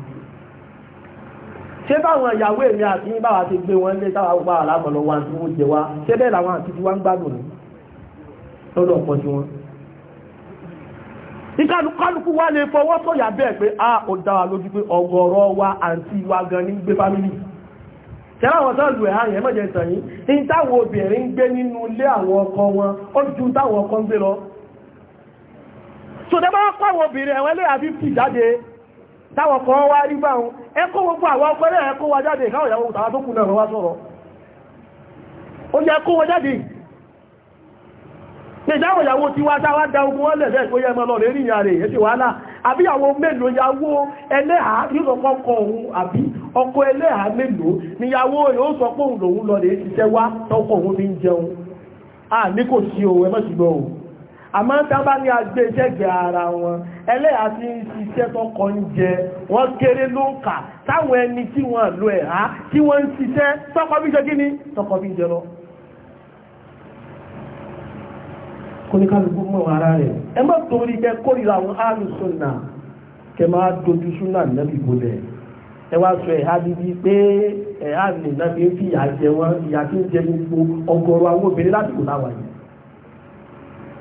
ṣé báwọn ìyàwó èmi àti yín báwa ti gbé wọn lé táwa gbà lábọ̀lọ́ wa tí wọ́n jẹ wá ṣé bẹ́ẹ̀ làwọn àti tiwa ń gbádùn ní lọ́dọ̀ ọ̀pọ̀ sí wọn. ìkálukálukú wa lè fọwọ́ sọ̀yà bẹ́ẹ̀ pé a ah, ò dá wa lójú pé ọ̀gọ̀rọ̀ wa àǹtí wa gan ní gbé fámìlì tẹ́lá àwọn tó lù ẹ̀ àyẹ̀ mọ́jẹ̀ ìtàn yìí ní táwọn obìnrin ń gbé nínú ilé àwọn ọkọ wọn ó ju táwọn ọkọ ń gbé lọ. táwọn kan wá rí bá wọn ẹkọ́ gbogbo àwọn ọpẹrẹ ẹkọ́ wa jáde ìkáwọ̀ ìyàwó tàwà tó kù náà wá sọ̀rọ̀ ó yẹ kó wọn jáde ìdáwọ̀ ìyàwó tí wá táwà dá ogun wọ́n lẹ̀lẹ́ ìkó àmọ́ tá bá ní agbé ara wọn ẹlẹ́yà àti ń tọkọ ń jẹ wọ́n kéré ló ń táwọn ẹni tí wọ́n lo ẹ̀há tí wọ́n ń ṣiṣẹ́ tọkọ bí jẹ ni tọkọ bí jẹ lọ. ara rẹ̀ ẹ má torí kórìíra àwọn kẹ máa dojú nẹ́bí bolẹ̀ ẹ wá sọ ẹ̀há bíbí pé ẹ̀há fi ìyà jẹ wọn ìyà tí ń jẹ gbogbo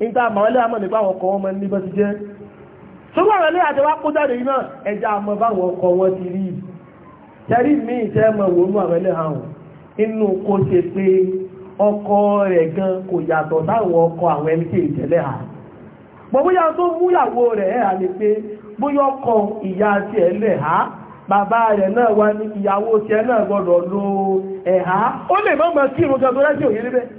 nígbà àmàwọlé àmọ́ nípa àwọn ọkọ̀ ọmọ mọ́ ní bọ́ ti jẹ́ ṣùgbọ́n àwọn ilé àti wá kó jáde iná ẹja báwọn ọkọ̀ wọn ti rí tẹ́rí míì tẹ́ mọ̀ wọnú àwọn àwọn inú kó ṣe pé ọkọ̀ rẹ̀ gan kò yàtọ̀ táwọn ọkọ̀ àwọn ní pé bàbá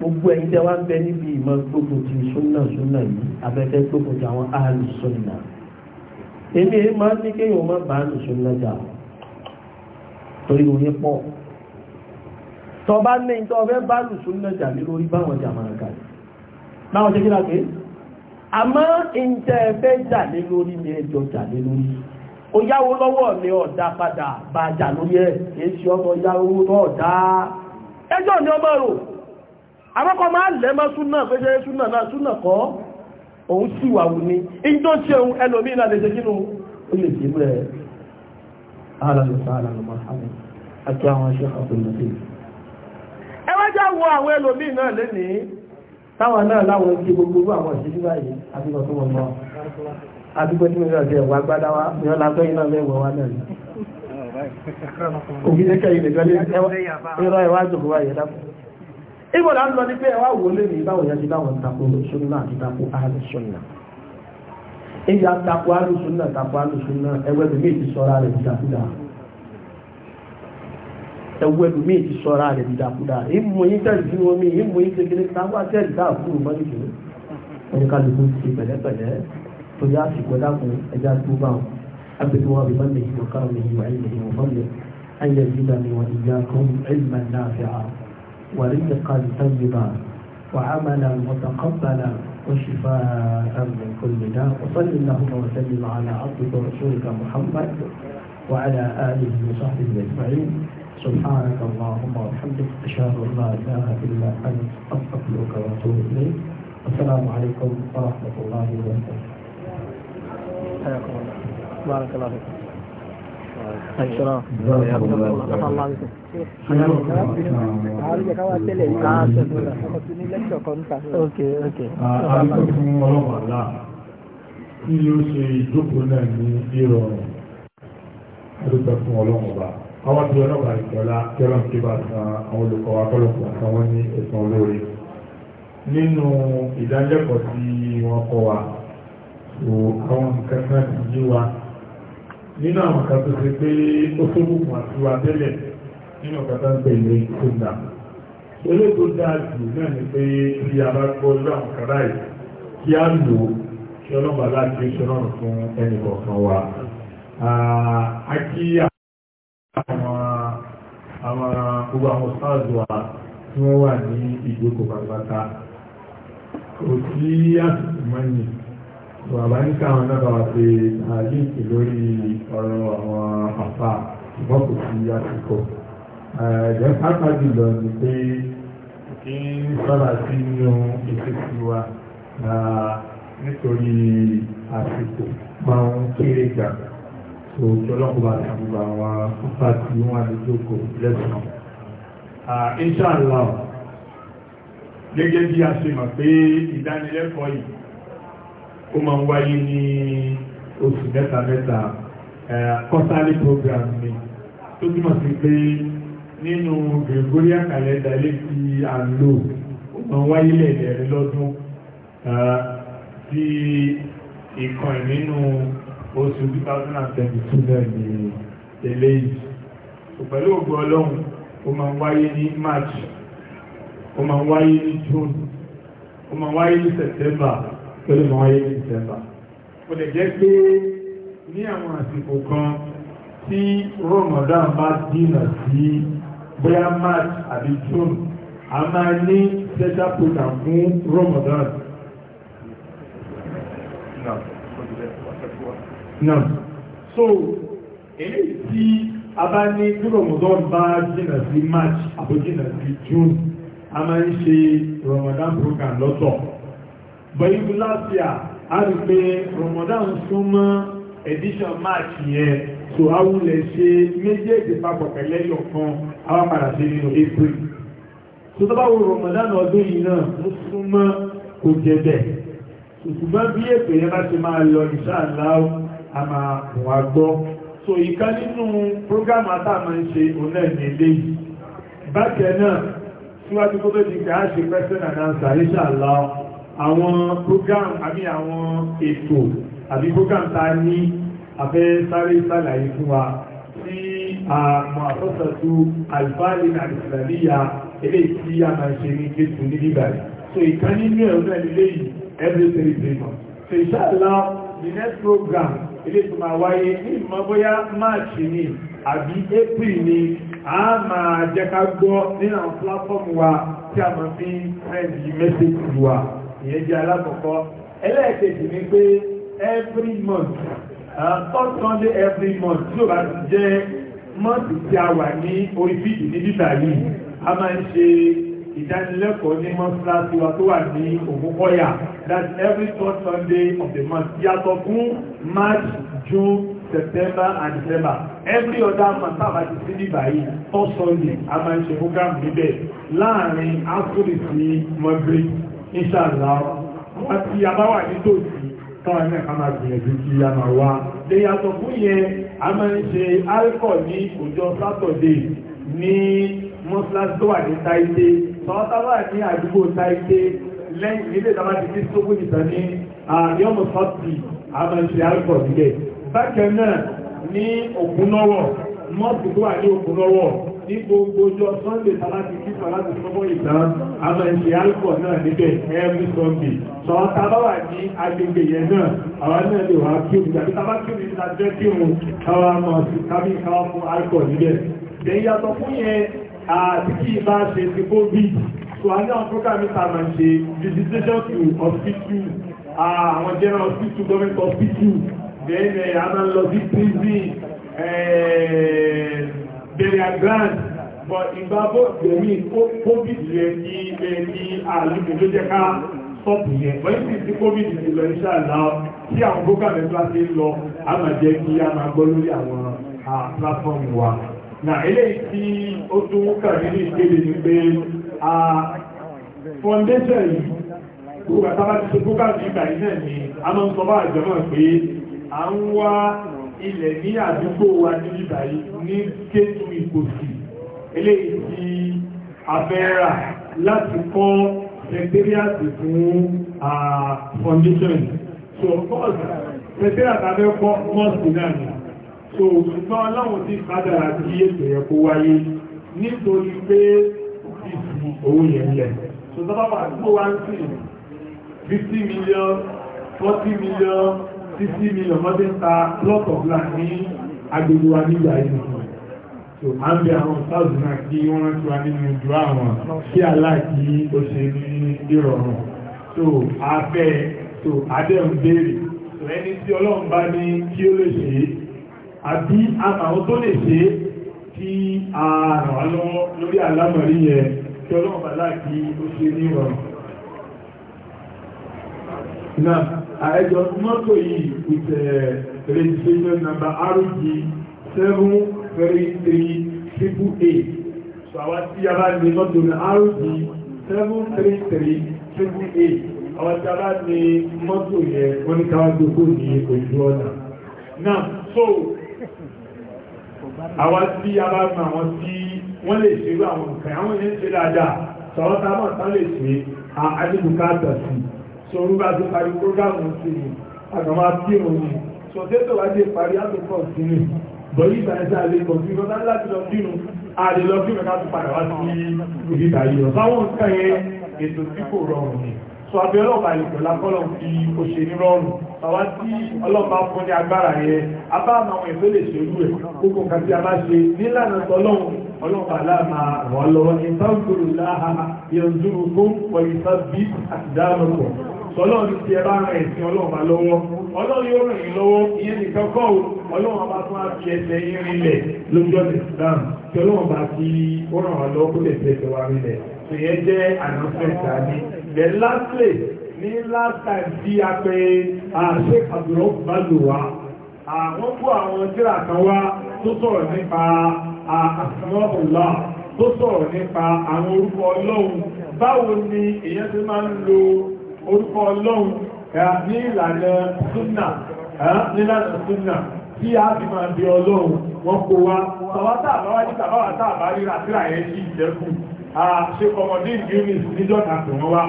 gbogbo ẹ̀yin tẹ́ wá ń bẹ níbi ìmọ̀ gbogbo ti súnà súnà yìí abẹ́fẹ́ gbogbo ti àwọn àlù súnà èmi èyí máa ń ní kéèyàn má bàa àlù súnà jà torí oyin pọ̀ tọba ní ìtọ́ ọ̀fẹ́ bá lù súnà jà ní lórí báwọn jà máa kà báwọn jẹ́ kí lápé àmọ́ ìtẹ́ ẹ̀fẹ́ jà ní lórí ní ẹjọ́ jà ní lórí ó yáwó lọ́wọ́ ní ọ̀dá padà bá jà lórí ẹ̀ èsì ọmọ yáwó lọ́ọ̀dá ẹjọ́ ni ọmọ rò àkọ́kọ́ máa lẹ́mọ́ súnà pé ṣe súnà náà súnà kọ́ òun sì wà wù ní in tó ṣe ohun ẹlòmí náà lè ṣe kínú ó lè ṣe bẹ́ẹ̀ alàlùfà alàlùmọ̀ àti àwọn ṣe àpòlùmọ̀tì ẹ wá já wo àwọn ẹlòmí náà lénìí táwọn náà láwọn ti gbogbo àwọn ìṣẹ́jú báyìí àbíkọ̀ tó wọ́n mọ́ àdúgbò tí mo yọ ọ̀dẹ̀ ẹ̀wọ̀ agbádá wa mi ọ́ lágbẹ́ iná mẹ́wọ̀ wa náà ògidẹ́kẹ́ ilẹ̀ gbẹ́lẹ́ ẹ̀rọ ẹ̀wà àjòkó wa yẹ dákùn ìbọ̀dá ń lọ ní pé ẹwà wò lè rí báwọn yẹn ti báwọn tako sunna àti tako alùsùnà èyí àtakò alùsùnà tako alùsùnà ẹwẹ́ bí méjì sọ́ra rẹ̀ dídàkúdà ẹwẹ́ bí méjì sọ́ra rẹ̀ dídàkúdà ìmú tẹ̀lé sí wọn mi kékeré táwọn àtẹ̀lé dáa kúrò mọ́ nìkú ẹni kálukú ti pẹ̀lẹ́pẹ̀lẹ́ tó yá àsìkò dákun ẹja tó bá wọn abẹ́tí wọn bí mọ́lẹ̀ yìí wọ́n káwọn yìí wọ́n ورزقا طيبا وعملا متقبلا وشفاء من كل داء وصل اللهم وسلم على عبدك ورسولك محمد وعلى آله وصحبه أجمعين سبحانك اللهم وبحمدك أشهد أن لا إله إلا أنت أستغفرك وأتوب إليك السلام عليكم ورحمة الله وبركاته حياكم الله بارك الله فيكم السلام ورحمة الله وبركاته àwọn ìjẹ̀ká wa tẹ́lẹ̀ yìí ká sọ̀rọ̀ ọkọ̀ ní lẹ́kṣọ̀ kọ́ńtà. ok ok. àlọ́ fún ọlọ́pàá náà tí ó ṣe ìjókòó náà ní ìrọ̀rùn adúgbò fún ọlọ́run ọba àwọn tí ọlọ́pàá ìjọba kẹrọ̀n kí bá san àwọn olùkọ́ akọ́lọ́pọ̀ àtàwọn ní ẹ̀sán olóore nínú ìdánilẹ́kọ̀ọ́ tí wọ́n kọ́ wa tó àwọn nǹkan náà ti yé wa nínú àwọn kan tó ṣe pé ó tó bùkún àti wa tẹ́lẹ̀ nínú kàtà ń pè ní kúndà ilé tó dáa jù náà ni pé bí a bá gbọ́ lọ́n kàrá yìí kí á lò kí ọlọ́mọ aláàjì ṣọ́nà fún ẹnì kọ̀ọ̀kan wa a kí àwọn gbogbo àwọn sáàzù wa tí wọ́n wà ní ìgbókò pàtàkà kò sí àsìkò mọ́nyìn bàbá ní káwọn náà bá ṣe àlíǹkì lórí ọ̀rọ̀ àwọn àfà ìbọ́kù sí àsìkò ẹ̀ẹ́dẹ́ pápá jùlọ ni pé kí sábà sí nínú ìfẹ́sí wa nítorí àsìkò máa ń kéré gbà tó jọlọ́kùnrin àti àgbà àwọn pápá tí wọ́n á lè jókòó lẹ́sàn-án. inṣàlá gẹ́gẹ́ bí a ṣe mọ̀ pé ìdánilẹ́kọ̀ọ́ yìí ó máa ń wáyé ní oṣù mẹ́ta mẹ́ta kọ́sálí program ni tó túmọ̀ sí pé nínú Gregorian calendar lè fi àlò wọn wáyé lẹ́ẹ̀dẹ̀rin lọ́dún tí ìkan nínú oṣù 2022 náà ní eléyìí pẹ̀lú ògbó ọlọ́run ó máa ń wáyé ní March ó máa ń wáyé ní June ó máa ń wáyé ní September ó lè máa wáyé ní December ó lè jẹ́ pé ní àwọn àsìkò kan tí Ramadan bá dínà sí bóyá march àbí june a máa ní special program fún ramadan. No. so èyí tí a bá ní tí ramadan bá jìnà sí march àbí jìnà sí june a máa ń ṣe ramadan program lọ́tọ̀ bẹ́ẹ̀ ní last year a rí pé ramadan súnmọ́ edition march yẹn so awulẹ̀ ṣe méjèèjì papọ̀ pẹ̀lẹ́ yọ̀kan àwọn padà sí nínú april tó tọ́ wo ramadan ọdún yìí náà ó súnmọ́ kò jẹ̀bẹ̀ ṣùgbọ́n bí ètò yẹn bá ti máa lọ ìṣáàlá a máa wà gbọ́ so ìka nínú program àtàmà ń ṣe òun náà ní bákẹ́ náà síwájú tó tó di ká ṣe pẹ́sẹ́nà náà ṣàlá àwọn program àbí àwọn ètò àbí program ta ní afẹ́ sáré sàlàyé fún wa tí a mọ̀ àtọ́sọ̀tú alifáàlì àti ìsìlàníyà tí a máa ṣe ní kéṣù ní nígbàlẹ̀ so ìkan nínú ẹ̀rọ náà lélẹ́yìn every three three so inshallah the next program ilé tó máa wáyé ní ìmọ̀ bóyá march ní àbí april ní a máa jẹ́ ká gbọ́ nínú platform wa tí a máa fi send message wa ìyẹn jẹ́ alákọ̀ọ́kọ́ ẹlẹ́ẹ̀kejì every month third sunday every month tí ó bá ti jẹ́ mọ́ọ̀tì tí a wà ní orí fídì ní bíbà yìí a máa ń ṣe ìdánilẹ́kọ̀ọ́ ní mọ́ṣáláṣí wa tó wà ní òmùkọ́yà that every third sunday of the month yàtọ̀ fún march june september and december every other month tàbá ti sí bíbà yìí third sunday a máa ń ṣe program níbẹ̀ láàrin áfíríkì mọ́gbé inshallah wọ́n ti abáwà nítòsí káwọn náà ká máa gbìyànjú kí a máa wá. ìyàtọ̀ fún yẹn a máa ń ṣe alcohol ní ọjọ́ sátọ̀dé ní mọ́ṣáláṣí tó wà ní táìté sọ́ọ́tàbà ní àdúgbò táìté lẹ́yìn ilé ìdábà ti fi sókú ìtàn ní àyọ́mọ̀ sọ́ọ̀tì a máa ń ṣe alcohol nílẹ̀. bákan náà ní òkúnlọ́wọ̀ mọ́ọ̀sì tó wà ní òkúnlọ́wọ̀ ní gbogbo ọjọ́ sunday salati kí salati sọ́mọ́ ìtàn àmọ́ ìṣe alcohol náà níbẹ̀ every sunday sọ tábà wà ní agbègbè yẹn náà àwa náà lè wá kí omi tàbí tábà kí omi ta jẹ́ kí òun káwa mọ̀ sí kábí káwa fún alcohol níbẹ̀ lẹ́yìn yàtọ̀ fún yẹn àti kí ibà ṣe ti covid so a ní àwọn program níta máa ń ṣe visitation to hospital àwọn general hospital government hospital then eh, a máa ń lọ sí prison eh, they are grand but ìgbàgbọ́ ìgbẹ̀mí covid rẹ̀ ní ẹni àlùmí ló jẹ́ ká sọ́pù yẹn wọ́n sì sí covid ti lọ iṣẹ́ àlá tí àwọn bókà mẹ́fà ti lọ a máa jẹ́ kí a máa gbọ́ lórí àwọn platform wa na eléyìí o ó tún kà nínú ìpele ni pé foundation yìí gbogbo àtàbátí tó bókà ní ìgbà yìí náà ni a máa ń sọ bá àjọ náà pé à ń ilẹ̀ ní àdúgbò wa ní ìbàyí ní kéjù ìkòsì eléyìí tí a fẹ́ rà láti kọ́ secretariat fún foundation so course secretariat abẹ́ mọ́sí náà ni so ṣùgbọ́n ọlọ́run ti padà sí ètò yẹ kó wáyé nítorí pé ìsìn owó yẹn lẹ̀ so tọ́bá wà tó million 40 million títí mílíọ̀n mọ́tí ń ta plot of land ní agbègbè wa nígbà yìí so a ń bẹ àwọn sáàzù náà kí wọ́n rántí wa nínú ìjọ àwọn kí aláàkí ó ṣe ní ìrọ̀rùn so a fẹ́ so adé ń béèrè so ẹni tí ọlọ́run bá ní kí ó lè ṣe é àbí àmàwọn tó lè ṣe é kí a ràn wá lọ́wọ́ lórí àlámọ̀rí yẹn kí ọlọ́run bá láàkí ó ṣe ní ìrọ̀rùn náà àẹjọ mọ́tò yìí with uh, registration number rg seven three three triple eight so àwa tí a bá ní mọ́tò ní rg seven three three triple eight àwa tí a bá ní mọ́tò yẹn wọ́n ní káwá ní ojú ọ̀nà náà so àwa tí a bá mọ àwọn tí wọ́n lè ṣerú àwọn nǹkan àwọn yẹn ń ṣe dáadáa sọ̀rọ̀ tá a mọ̀ tán lè ṣe àdébùkátà sí sọ̀rọ̀ bá ti parí prógámù sí ni àgbàmọ́ àti òní sọ̀tẹ́tọ̀ wá ti parí àtòkọ̀ sí ni bọ̀lí ìbáyẹ̀sẹ̀ àlekọ̀ sí ọ̀tá láti lọ sínú àdìlọ sí ọ̀ká tó padà wá sí ibi ìbáyẹ̀ ọ̀sáwọn nǹkan yẹn ètò tí kò rọrùn ni sọ abẹ́ ọlọ́pàá lè pẹ̀lú akọ́lọ̀ fi oṣè ní rọrùn àwọn tí ọlọ́pàá fún ní agbára yẹn abá àwọn ẹ̀fẹ́ lè ṣerú ẹ̀ gbogbo nǹkan tí a bá ṣe nílànà tọ́lọ́hùn ọlọ́pàá láàmà wọ́n lọ́wọ́ ìtàgbòrò láha yẹn dúró fún pọ̀lìtà bí àti dáàmọ́kọ̀ tọ́lọ́run ti ẹbá rẹ̀ ẹ̀sìn ọlọ́run lọ́wọ́ ọlọ́run yóò rìn lọ́wọ́ ìyẹn nìkan kọ́ ò ọlọ́run á fi ẹsẹ̀ yín rinlẹ̀ lójú ọ̀sẹ̀ tí ọlọ́run ti ó ràn wá lọ́wọ́ kó lè fẹ́ ẹsẹ̀ wa tó yẹ jẹ́ ànáfẹ́ta the last ní time tí a pe àṣẹ àbúrò bá lò wá àwọn kó àwọn tíra kan wá tó sọ̀rọ̀ nípa àṣìmọ́ọ̀lá tó sọ̀rọ̀ nípa àwọn orúkọ báwo ni èèyàn ti máa ń lo orúkọ ọlọ́run ní ìlànà súnà nílànà súnà tí a fi máa bí ọlọ́run wọ́n kó wá tàwátà àbáwá ní tàbáwátà àbáríra tíra ẹ̀ sí ìjẹ́kù ṣe kọmọdé unit níjọ́ta tó wọ́n wá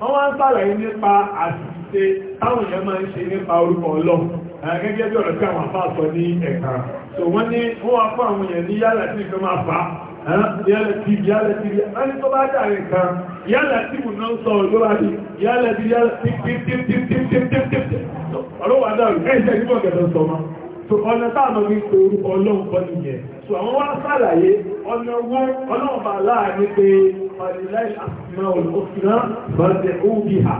wọ́n wá ń sàlàyé nípa àṣìṣe táwọn èèyàn máa ń ṣe nípa orúkọ ọlọ́run gẹ́gẹ́ bí ọ̀rọ̀ tí àwọn àfáà sọ ní ẹ̀ka so wọ́n ní wọ́n wá fún àwọn èèyàn ní yálà tí nǹkan máa fà á yálẹ̀tìbì yálẹ̀tìbì ẹni tó bá jàrí kan yálẹ̀tìbì náà sọ olóbádi yálẹ̀tìbì yálẹ̀tìbì ọ̀rọ̀ wà dáa ẹ̀ṣẹ́ ìgbọ́n gẹ̀ẹ́sọ sọ ma so ọ̀nà táàmà ní pé orúkọ ọlọ́run kọ́ nìyẹn so àwọn wá sàlàyé ọ̀nà owó ọlọ́run bá láàrin pé pàdé láì àtìmá olùkọ́sìnà bá jẹ́ ó bí ha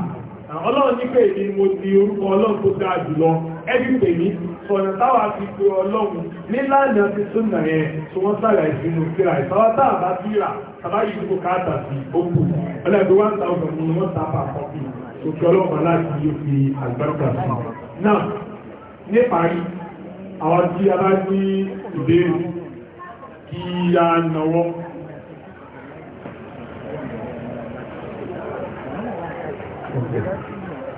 ọlọ́run ní pé èmi mo di orúkọ ọlọ́run tó dáa jùlọ ẹbí pè mí sọ̀nà táwa fi pe ọlọ́run nílànà ti súnà yẹn tí wọ́n sàrà ìsinú síra ìsáwá táà bá síra tàbá yìí tó káàtà sí òkú ọlọ́run one thousand ni wọ́n sábà kọ́pì òkè ọlọ́run aláàtì yóò fi àgbàrúkà sí náà níparí àwọn tí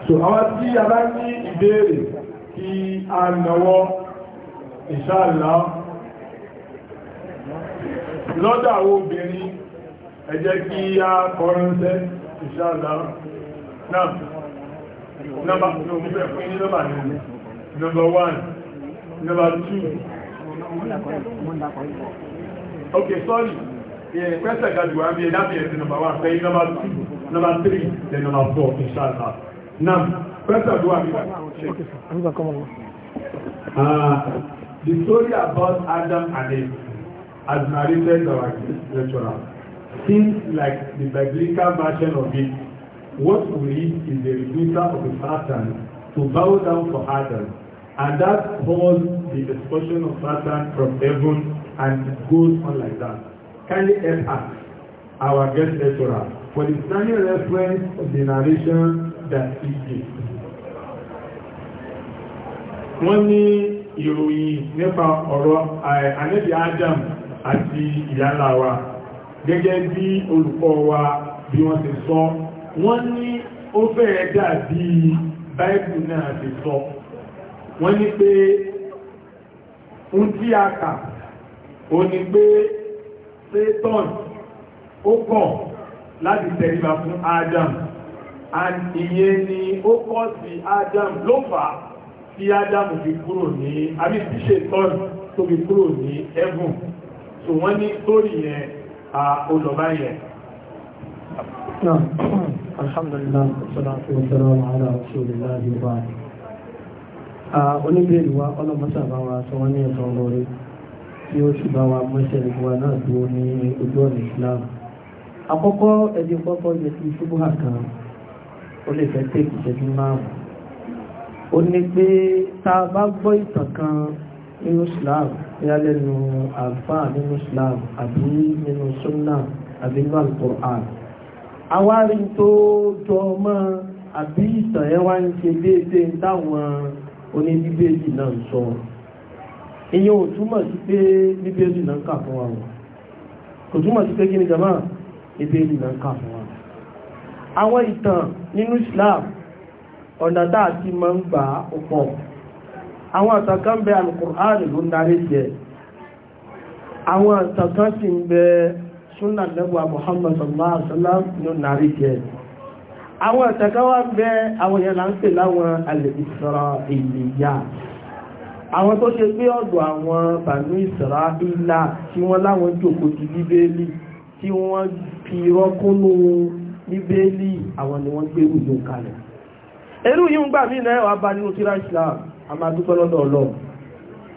so àwọn tí a bá ní ìbéèrè kí a náwọ́ ìṣàlá lọ́dọ̀ àwọn obìnrin ẹ kí a kọrọ̀nsẹ́ ìṣàlá náà nọ́mbà ní òmúfẹ́ fún ní number ní nọ́mbà 1 nọ́mbà 2 ok sorry ìrẹ̀pẹ́sẹ̀ gajùwà bí ẹ̀dá bí ẹ̀sẹ̀ nọ́mbà 1 pẹ̀lú nọ́mbà 2 number three, then number four, inshallah. Now, first of all, okay, uh, the story about Adam and Eve, as narrated by our lecturer, seems like the biblical version of it. What we read is the refusal of the Satan to bow down for Adam, and that caused the expulsion of Satan from heaven and goes on like that. Can you help us, our guest lecturer, for the standing reference of the narration that he gave. Wọ́n ní ìròyìn nípa ọ̀rọ̀ eh, ànẹ́bì Adam àti ìyálà wa gẹ́gẹ́ bí olùkọ́ wa bí wọ́n ti sọ. Wọ́n ní ó fẹ́rẹ̀ dà bí Báìbù náà ti sọ. Wọ́n ní pé ń tí a kà, ó ní pé Satan ó kàn láti tẹríba fún Adam and iye ni ó kọ́ sí Adam ló fà tí Adam fi kúrò ní àbí tí ṣe tọ́rù tó fi kúrò ní ẹ̀bùn so wọ́n ní torí yẹn olùbá yẹn نعم الحمد لله والصلاة والسلام على رسول الله وبعد oníbèrè wa ọlọ́mọ́sà bá wa sọ wọ́n ní ẹ̀sán lórí tí ó sì bá wa mọ́ṣẹ́ ìgbà náà dúró ní ojú ọ̀nà ìsìláàmù àkọ́kọ́ ẹ̀dí pọ́pọ́ yẹ ti ṣubú àkàn ó lè fẹ́ tèkì ṣẹ́jú márùn-ún ó ní pé tá a bá gbọ́ ìtàn kan nínú Islam bóyá lẹ́nu àlfà nínú Islam àbí nínú sunna àbí nínú al-Qur'an awárí tó jọ mọ́ ebéèrè náà kà fún wa àwọn ìtàn nínú Islam ọ̀nà táà ti mọ́ ń gbà ó pọ̀ àwọn àtàkàn bẹ alukur'an ló ń darí jẹ àwọn àtàkàn sì ń bẹ súnà lẹ́wà Muhammad sallallahu alaihi wasallam ló ń darí jẹ àwọn àtàkàn wá bẹ al-Isra'iliyya àwọn tó ṣe pé ọ̀dọ̀ àwọn Banu Isra'ila tí wọ́n láwọn jòkó ti bíbélì tí wọ́n fi rọ́kúnnú bíbélì àwọn ni wọ́n gbérù yóò kalẹ̀ ẹrú yìí ń gbà mí náà wà bá nínú tíra Islam a máa dúpẹ́ lọ́dọ̀ Ọlọ́run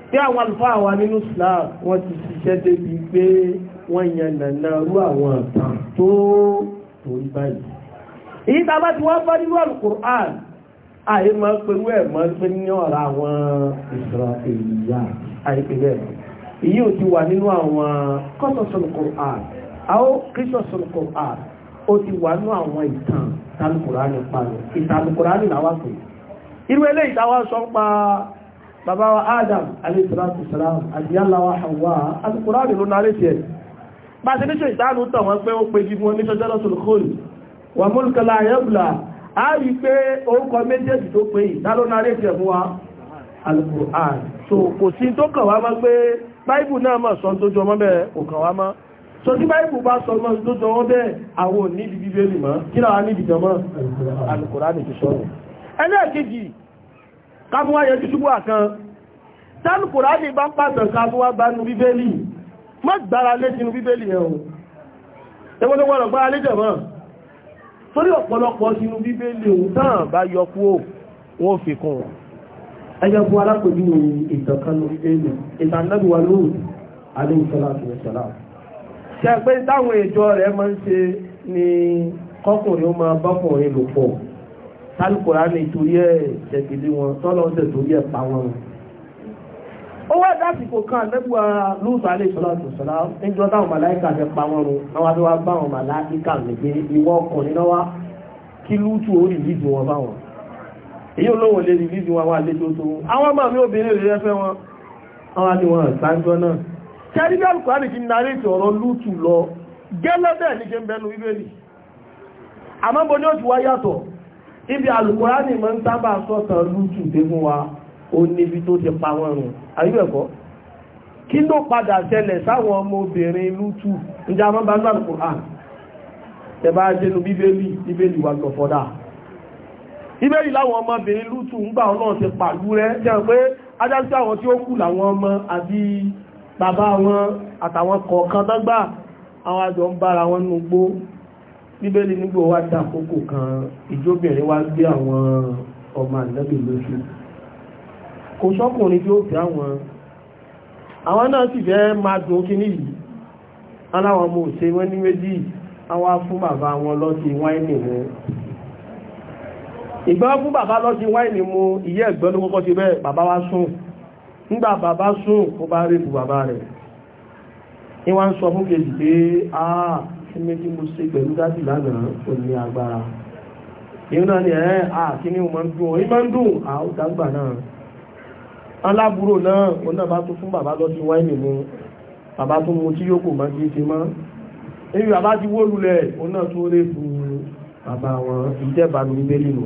pé àwọn àlùfáà wa nínú Islam wọ́n ti ṣiṣẹ́ débi pé wọ́n yan nàna rú àwọn àtàn tó quran àyè máa ń pẹ̀lú ẹ̀ máa ń pẹ́ ní ọ̀rọ̀ àwọn ìṣòro ò ti wà nínú àwọn kọ́sọ̀sọ̀ Al-Qur'an àwọn kírísọ̀sọ̀ kò à ó ti wà ní àwọn ìtàn tálùkùránì parọ̀ ìtàlùkùránì làwà pè irú ilé ìtawà sọ pa wa Adam alayhisalatu salam àdìyàláwà Hawa alùkùránì ló náà lẹ́sẹ̀ bá ti níṣẹ́ ìtàlù tàn wọ́n pé ó pe jí wọn níṣẹ́ jẹ́lọ́sọ̀lùkọ́lù wà múlùkọ́lá ayébùlà a rí pé orúkọ méjèèjì tó pé ìtàlù náà lẹ́sẹ̀ fún wa alùkùránì so kò sí tó kàn wá mọ́ pé báìbù náà mọ̀ sọ tó jọ mọ́ bẹ́ẹ̀ kò kàn wá mọ́ so tí báyìí bá sọ mọ́ tó jọ wọ́n bẹ́ẹ̀ àwọn ò níbi bíbélì mọ́ kí náà níbi jọmọ́ alukùránì ti sọ̀rọ̀ ẹlẹ́ẹ̀kejì káfíwá yẹjú ṣubú àkan tálùkùránì bá pàtàn káfíwá bá nu bíbélì mọ́ gbára lé sínú bíbélì ẹ̀ o ẹwọ́n tó wọ́n gbára lé jọmọ́ torí ọ̀pọ̀lọpọ̀ sínú bíbélì òun tán bá yọ kúrò wọ́n fi kún ṣe pé táwọn ìjọ rẹ̀ máa ń ṣe ni kọkùnrin ó máa bọ́kùnrin lò pọ̀ tálùkùrá ni ìtorí ẹ̀ ṣẹ̀kìlì wọn tọ́lọ́ ń tẹ̀torí ẹ̀ pa wọn. ó wá dásìkò kan àtẹ́gbà lóòtú alẹ́ ìṣọ́lá tòṣọ́lá níjọ táwọn màláìkà fẹ́ pa wọn run àwọn adéwà bá àwọn màláìkà nìgbé ìwọ ọkùnrin náà wá kí lóòtú ó rìlíìsì wọn báwọn èyí olóhùn lè rìlíìsì wọn àwọn àlejò tó wọn àwọn ọmọ mi obìnrin rẹ̀ fẹ́ wọn àwọn àdéhùn àgbájọ tẹ́rí bí alùkùránì ti narí ètò ọ̀rọ̀ lútù lọ gẹ́lẹ́bẹ̀ẹ́ ní ṣe ń bẹnu ibèlì àmọ́bọ ní òtù wá yàtọ̀ ibi alùkùránì mọ́ ń sábà sọ́tàn lútù dé wa ó níbi tó ti pa wọn rùn àyíbẹ̀kọ́ kí ló padà ṣẹlẹ̀ sáwọn ọmọbìnrin lútù ń jẹ́ àmọ́ bá ń alùkùránì tẹ̀bá jẹ́nu bíbélì bíbélì wà gbọ̀fọ́dà ìbẹ̀rì láwọn ọmọbìnrin lútù ń gbà ọlọ́run ti pàlú rẹ̀ jẹ́ bàbá wọn àtàwọn kọ̀ọ̀kan tọ́gbà àwọn àjọ ń bára wọn nínú gbó bíbélì nígbò wá dá àkókò kan ìjóbìnrin wá gbé àwọn ọmọ ànábì lóṣù kò sọ́kùnrin tí ó fi àwọn àwọn náà sì fẹ́ máa dùn kí ní yìí aláwọn ọmọ òṣè wọ́n ní méjì àwọn fún bàbá wọn lọ́tí wáìnì mú ìgbọ́n fún bàbá lọ́tí wáìnì mú ìyẹ́ ẹ̀gbọ́n ló kọ́kọ́ ti bẹ́ẹ̀ bàbá wá sùn nígbà bàbá sùn ó bá rí bù bàbá rẹ̀ ní wọ́n ń sọ fún kejì pé àà ah, kí ni kí mo ṣe pẹ̀lú dájú lánàá ò ní agbára ìrìnà ni ẹ̀ eh, àà ah, kí ni mo máa ń dùn òyìn máa ń dùn àwọn ah, ìdágbà náà aláburò náà òun náà bá tún fún bàbá lọ sí wáìnì mu bàbá tó mu tí yóò kò máa kí ṣe mọ́ èyí bàbá ti wó lulẹ̀ òun náà tó rẹ́ fún bàbá wọn ìjẹ́bàánu bíbélì nù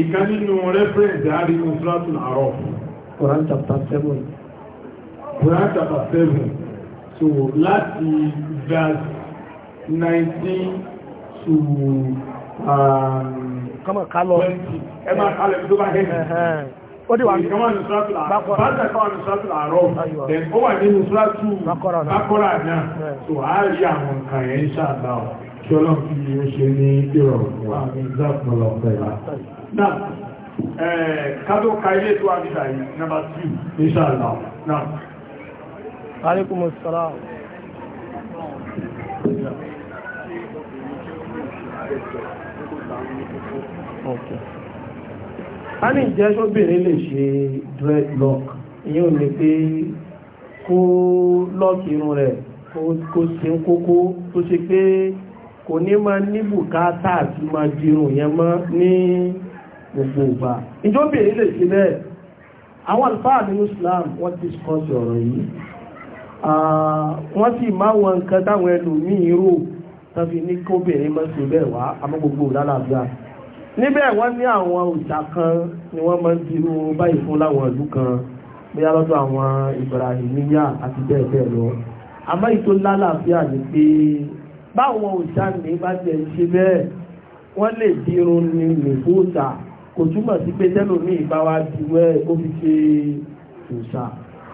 ìkan nínú reference àrí nusratun àrọ̀ Quran chapter 7 Quran chapter 7 so láti verse 19 to kama um, kálọ̀ ẹ máa kálọ̀ ibi tó bá hẹ́ẹ̀ ó díwà ní kama nusratun àrọ̀ báta kama nusratun àrọ̀ ó wà ní nusratun bákọ́rà náà so a rí àwọn nǹkan ẹ̀ ń ṣàdá ọ̀ kí ọlọ́pìn yóò ṣe ní ìrọ̀rùn wa ní ìzápọ̀lọpẹ̀ láti náà eh, kádó ka ilé tó wà nígbà yìí nàbà tí ìṣàlá náà alaikum assalam okay a ní ìjẹ́ ṣọ́bìnrin lè ṣe dreadlock ìyẹn ò ní pé kó lọ́ọ̀kì irun rẹ̀ kó sí kókó tó ṣe pé kò ní máa ní bùkátà àti máa dirun yẹn mọ́ ní gbogbo ìgbà ìjọbìnrin lè ṣe bẹ́ẹ̀ àwọn àlùfáà ní Islam wọ́n ti sọ́ọ̀sì ọ̀rọ̀ yìí wọ́n sì máa wọn nǹkan táwọn ẹlòmíì rò tàbí ní kóbìnrin mọ́ sí bẹ́ẹ̀ wá àmọ́ gbogbo lálàáfíà níbẹ̀ wọ́n ní àwọn òòṣà kan ni wọ́n máa ń dirú báyìí fún láwọn ìlú kan bóyá lọ́dọ̀ àwọn Ibrahimiya àti bẹ́ẹ̀ bẹ́ẹ̀ lọ àmọ́ ètò lálàáfíà ni pé báwọn òòṣà ní bá jẹ́ ṣe bẹ́ẹ̀ wọ́n lè dirun ní nìfóòṣà kò túmọ̀ sí pé tẹ́lòmí ìbáwá ti wẹ́ ó fi ṣe òṣà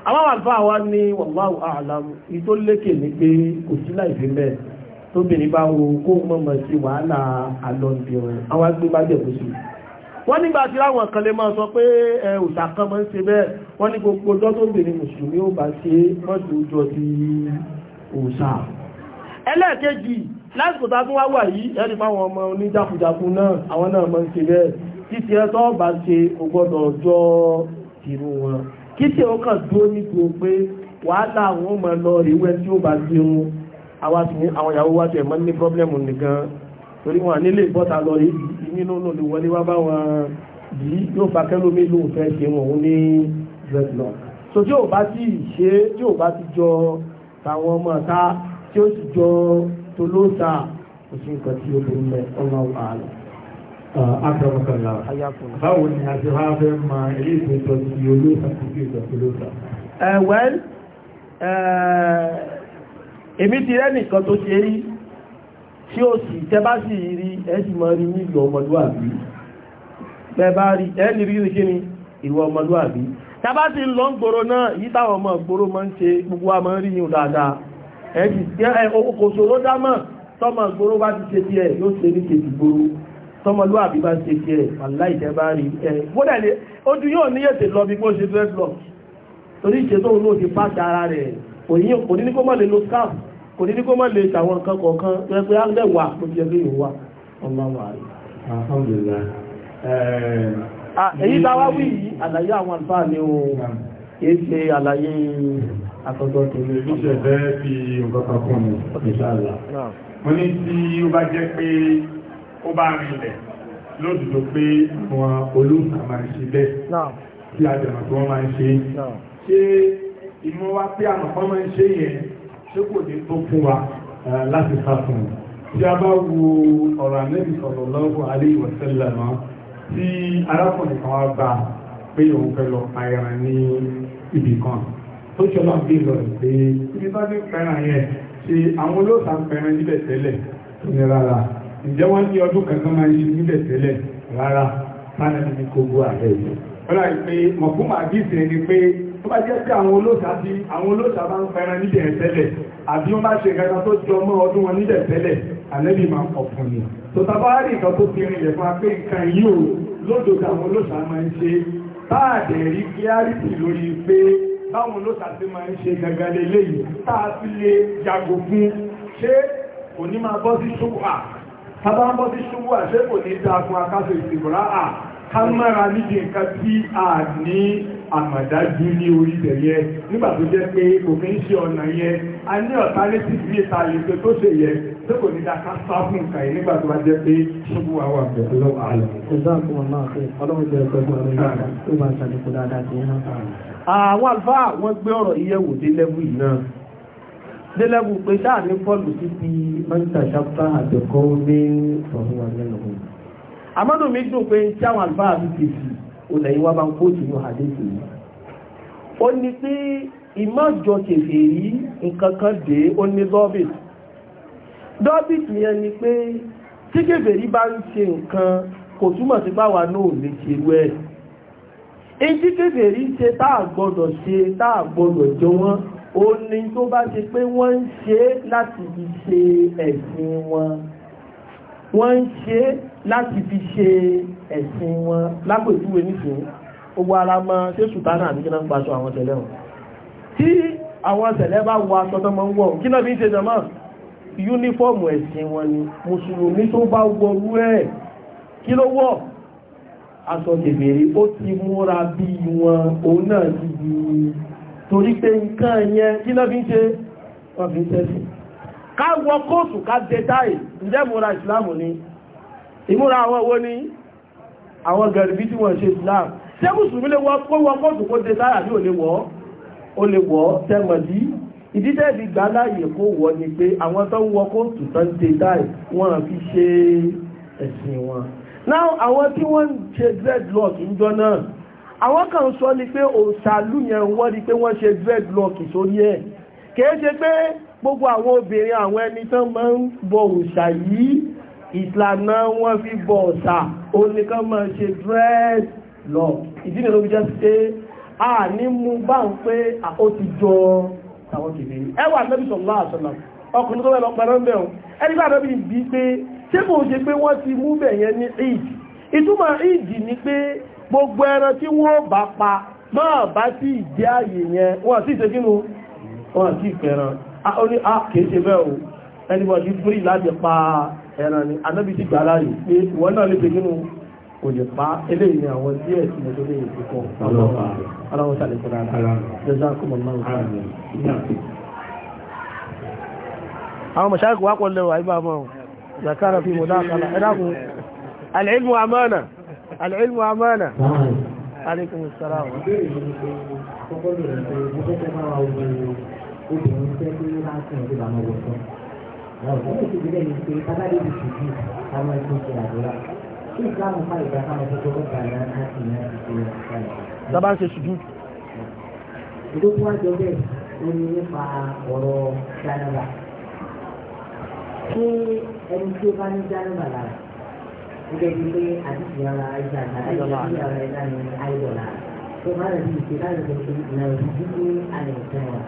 àwọn àlfà wa ní wallahu a'lam ìtò lékè ní pé kò sí láìfí mẹ́ tóbìnrin bá wo kó mọ̀mọ̀ sí wàhálà àlọ́ǹdìrìn àwọn agbébájẹ̀ kò sí wọ́n nígbà tí láwọn kan lè máa sọ pé ẹ òṣà kan máa ń ṣe bẹ́ẹ̀ wọ́n ní gbogbo ọjọ́ tó bìnrin mùsùlùmí ó bá ṣe mọ́sí ojú lásìkò tá a tún wá wà yìí ẹni fáwọn ọmọ oníjàkújàkú náà àwọn náà máa ń ṣe bẹ́ẹ̀ títí ẹ tó bá ṣe o gbọ́dọ̀ jọ tìrú wọn kí tí ó kàn dúró nípò pé wàhálà àwọn ọmọ lọ rí wẹ́ tí ó bá ṣe wọn àwọn ìyàwó wa tẹ̀ mọ́ ní pọ́blẹ́mù nìkan torí wọn nílé ìbọ́ta lọ rí nínú náà lè wọlé wá bá wọn yìí yóò bá kẹ́lómi lóun fẹ́ ṣe wọn ní dreadlock so tí ò bá ti ṣe tí ò bá ti jọ tàwọn ọmọ ta tí ó sì jọ tolóta kò sí nǹkan tí ó lè mẹ ọlọ́run àlọ́. Uh, akọ̀rọ̀mọ̀kànlá báwo ni a ti wá fẹ́ ma ilé ìtòtò ti olóòsà ti fi ìgbà olóòsà. well uh, èmi ti rẹ́ nìkan tó ṣe rí tí ó sì tẹ́ bá sì rí ẹ sì máa rí nílùú ọmọlúwàbí bẹ́ẹ̀ bá rí ẹ rí ní kí ni ìwọ ọmọlúwàbí tàbá ti lọ ń gbòrò náà yìí táwọn ọmọ gbòrò máa ń ṣe gbogbo a máa ń rí yìí dáadáa ẹ sì tẹ́ ẹ kò ṣòro dámọ̀ tọ́mọ gbòrò bá ti ṣe tiẹ̀ yóò ṣe ní kejì gbòrò tọmọlúwàbí bá ṣe kí ẹ̀ aláìjẹ́ bá rí ẹ̀ bódà ilé ojú yóò ní ètè lọ bí wọ́n ṣe fẹ́ lọ torí ìṣe tóun ló ti pàṣẹ ara rẹ̀ òyìn kò ní ní kó mọ̀ lè lo scarf kò ní ní kó mọ̀ lè ṣàwọn nǹkan kọ̀ọ̀kan rẹ̀ pé ángẹ̀ wà ló ti ẹgbẹ́ yòówà ọmọ wa rí. èyí táwa wí yìí àlàyé àwọn àlùfáà ni o kìí ṣe àlàyé àtọ̀dọ̀ tèmi. mo ṣẹ̀fẹ́ fi nǹkan kan fún mi ìṣàlà mo ní tí ó bá jẹ́ pé ó bá rinlẹ̀ lóòdùdó pé àwọn olóòsà máa ń ṣe bẹ́ẹ̀ tí a jẹ̀mọ̀ tí wọ́n máa ń ṣe ṣé ìmọ̀ wa pé àmọ̀kọ́ máa ń ṣe yẹn ṣé kò ní tó fún wa láti sá fún un tí a bá wo ọ̀rọ̀ ànẹ́bì sọ̀rọ̀ lọ́wọ́ alẹ́ ìwọ̀sẹ́lẹ̀ náà tí arákùnrin kan wá bá pé òun fẹ́ lọ ayẹran ní ibì kan tó ṣọlá bí lọ pé ibi bá ní pẹran yẹn ṣe àwọn olóòsà ń pẹran níbẹ̀ tẹ́lẹ̀ tó ní rárá ǹjẹ́ wọ́n ní ọdún kankan máa ń ṣe níbẹ̀ tẹ́lẹ̀ rárá máa ní ní kó gbọ́ ààrẹ yìí ọlá ìpé mọ̀kúnmà àdíṣe ni pé tó bá jẹ́ pé àwọn olóòṣà bí àwọn olóòṣà bá ń fẹ́ràn níbẹ̀ tẹ́lẹ̀ àbí wọ́n bá ṣe gẹ́gẹ́ tó jọ mọ́ ọdún wọn níbẹ̀ tẹ́lẹ̀ àlẹ́bí máa pọ̀ ni tó tàbá rí nǹkan tó fi rìnlẹ̀ fún apé nǹkan yìí ṣé òní bọ́ sí ṣùgbọ́n tàbá ń bọ́ sí ṣubú àṣẹ kò ní dá fún akáṣọ ìsìnkúrá à ká mára níbi nǹkan tí a ní àmàdájú ní orí tẹ̀yẹ nígbà tó jẹ́ pé kò ń ṣe ọ̀nà yẹn a ní ọ̀tá létí sí ìta ìpè tó ṣe yẹ tó kò ní dáká sá fún nǹkan yìí nígbà tó bá jẹ́ pé ṣubú wa wà bẹ̀rẹ̀ lọ́wọ́ àlọ́. ẹ̀dá àkùnrin náà pé ọlọ́run jẹ́ ẹgbẹ́ fún ọlọ́run náà tó bá ń ṣàdékù dáadáa sí i náà. àwọn àlùfáà wọ́n gbé ọ̀rọ̀ iye wò dé lẹ́wù yìí délẹ́gùn pé sáà ní fọ́ọ̀lù títí mọ́ńtà ṣáfà àjọkọ́ ní ọ̀hún wa nínú ọ̀hún. àmọ́nù mi dùn pé tí àwọn àlùfáà mi ti fi olẹ́yìn wa bá ń kóòtù ní ọ̀hádé sí i. ó ní pé ìmọ̀jọ kẹfẹ́ yìí nǹkan kan dé ó ní dọ́bìt. dọ́bìt yẹn ni pé tí kẹfẹ́ yìí bá ń ṣe nǹkan kò túmọ̀ sí báwa náà lè ṣe wẹ́ ẹ̀. èyí tí kẹfẹ́ yìí ṣe tá a ṣe tá a jọ wọ́n ó ní tó bá ṣe pé wọ́n ń ṣe láti fi ṣe ẹ̀sìn wọn wọ́n ń ṣe láti fi ṣe ẹ̀sìn wọn lápòjúwe nísìnyí gbogbo ara mọ́ ṣé sùtánà àti kí náà ń paṣọ àwọn tẹ̀lé wọn tí àwọn tẹ̀lé bá wọ aṣọ tó mọ́ ń wọ̀ kí náà bí ń ṣe jọmọ́ yúnífọ́ọ̀mù ẹ̀sìn wọn ni mùsùlùmí tó bá wọrú ẹ̀ kí ló wọ̀ aṣọ tèbèrè ó ti múra bí wọn òun náà ti di torí pé nǹkan yẹn kí náà fi ń ṣe wọ́n fi ń tẹ́sì ká wọ kóòtù ká dé táì ǹjẹ́ múra ìsìláàmù ni ìmúra àwọn owó ní àwọn gẹ̀rẹ̀bí tí wọ́n ṣe ìsìláàmù ṣé mùsùlùmí lè wọ kóòtù kó dé táì àbí ò lè wọ́ ó lè wọ́ tẹ́mọ̀dí ìdíjẹ́ ìdí gbà láàyè kó wọ ni pé àwọn tó àwọn tí wọ́n ń ṣe dreadlock ń jọ náà àwọn kan sọ ni pé òṣàlú yẹn wọ́n rí pé wọ́n ṣe dreadlock sórí ẹ̀ kìí ṣe pé gbogbo àwọn obìnrin àwọn ẹni tán máa ń bọ òṣà yìí ìlànà wọn fi bọ òṣà ó ní kán máa ṣe dreadlock ìdí nìyẹn ló fi jẹ́ pé a ní mú bá ń pé ó ti jọ àwọn kìbìrì ẹwà nẹ́bí sọ̀lá àṣọlá ọkùnrin tó lọ pẹ̀lú ẹ̀mẹ́ ẹni bá nẹ́bí bí pé ṣé kò ṣe pé wọ́n ti mú bẹ̀yẹn ní ìdí ìtumọ̀ ìdí ni pé gbogbo ẹran tí wọ́n bá pa máa bá sí ìdí ààyè yẹn wọ́n sì ṣe kínú wọ́n sì fẹ́ràn ó ní a kìí ṣe bẹ́ẹ̀ o ẹnibọ̀dí fúrí láti pa ẹran ni anábì ti gbà láàyè pé wọ́n náà lè ṣe kínú kò lè pa eléyìí àwọn díẹ̀ tí mo tó lè fi kọ́ ọlọ́wọ́ sàlẹ̀ kọ́ dáadáa àwọn mọ̀ṣáàkù wá pọ̀ lẹ́wọ̀ àìbá mọ́ zakara fi mọ̀ dáadáa ẹ̀dàkùn alẹ́ ìlú àmọ́nà العلم amánà عليكم السلام. Sábà ń ṣe ṣùjú. Ìdókòwò àjọ bẹ́ẹ̀ ó ní nípa ọ̀rọ̀ Jánàbà. Ṣé ẹni tí ó bá ní Jánàbà lára? gẹ́gẹ́ bí pé àdìsí ara ẹja àdìsí ara ẹja ni àìdọ̀là tó máa rẹ̀ sí ìṣe láti lè fi ìlànà ìdíjú ní àyè ìfẹ́ wọn.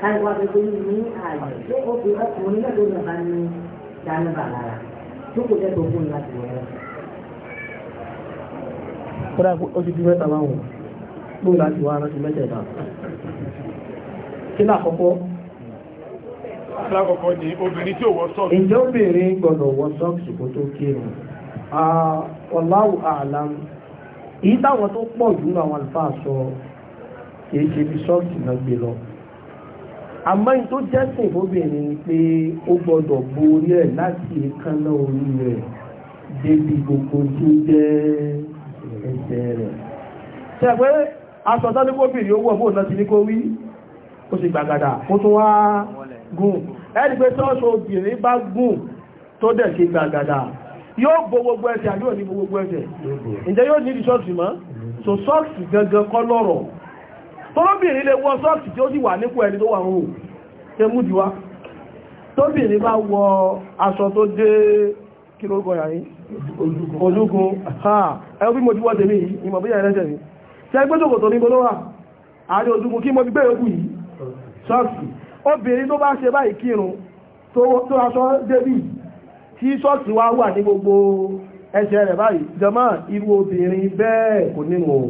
káyọ̀ wá pé pé ní àyè tó o fi ọkùnrin náà ló nàbà ní dáná bà lára tó kò jẹ́ tó fún láti wọ̀ kódà ó ti di mẹ́ta láwọn ló láti wá rántí mẹ́tẹ̀ẹ̀ta kí náà kọ́kọ́ alákọ̀ọ́kọ́ ni obìnrin tí ó wọ sọ́ọ̀sì. ǹjẹ́ obìnrin gbọ́dọ̀ wọ sọ́ọ̀sì kó tó kírun ọláwù àlám èyí táwọn tó pọ̀ jù ní àwọn àlùfáà sọ kìí ṣe bí ṣọ́ọ̀kì náà gbé lọ àmọ́ yìí tó jẹ́sìn fóbìnrin ni pé ó gbọ́dọ̀ borí ẹ̀ láti èékánná orí rẹ̀ débi gbogbo tó jẹ́ ẹsẹ̀ rẹ̀ ṣe pé aṣọ tán ní kóbìnrin ó wọ̀ bóun náà ti ní kó wí ó sì gbàgàdà ó tún wá gùn ẹni pé tọ́ṣọ obìnrin bá gùn tó dẹ̀ ṣe gbàgàdà yóò bo gbogbo ẹsẹ̀ àbí òní bo gbogbo ẹsẹ̀ ǹjẹ́ yóò ní ìṣọ́ọ̀sì mọ́ so sọ́ọ̀sì gangan kọ́ lọ́rọ̀ tọ́lọ́bìnrin lè wọ sọ́ọ̀sì tí ó sì wà nípò ẹni tó wà ń hù ṣe mú jùwá tóbìnrin bá wọ aṣọ tó dé kí ló gọ̀yà yìí olúgun ẹ bí mo ti wọ́ tèmi yìí ìmọ̀ bí ẹ̀rẹ́sẹ̀ mi ṣe ẹgbẹ́ tó kò tó ní gbọ́nà wà àárín ojúgun kí mo fi gbé yòókù yìí sọ́ọ̀sì obìnrin tó bá ṣe báyìí kírun tó aṣọ débì tí ṣọ́ọ̀tì wá wà ní gbogbo ẹsẹ̀ rẹ̀ báyìí jọmọ́ irú obìnrin bẹ́ẹ̀ kò ní mọ̀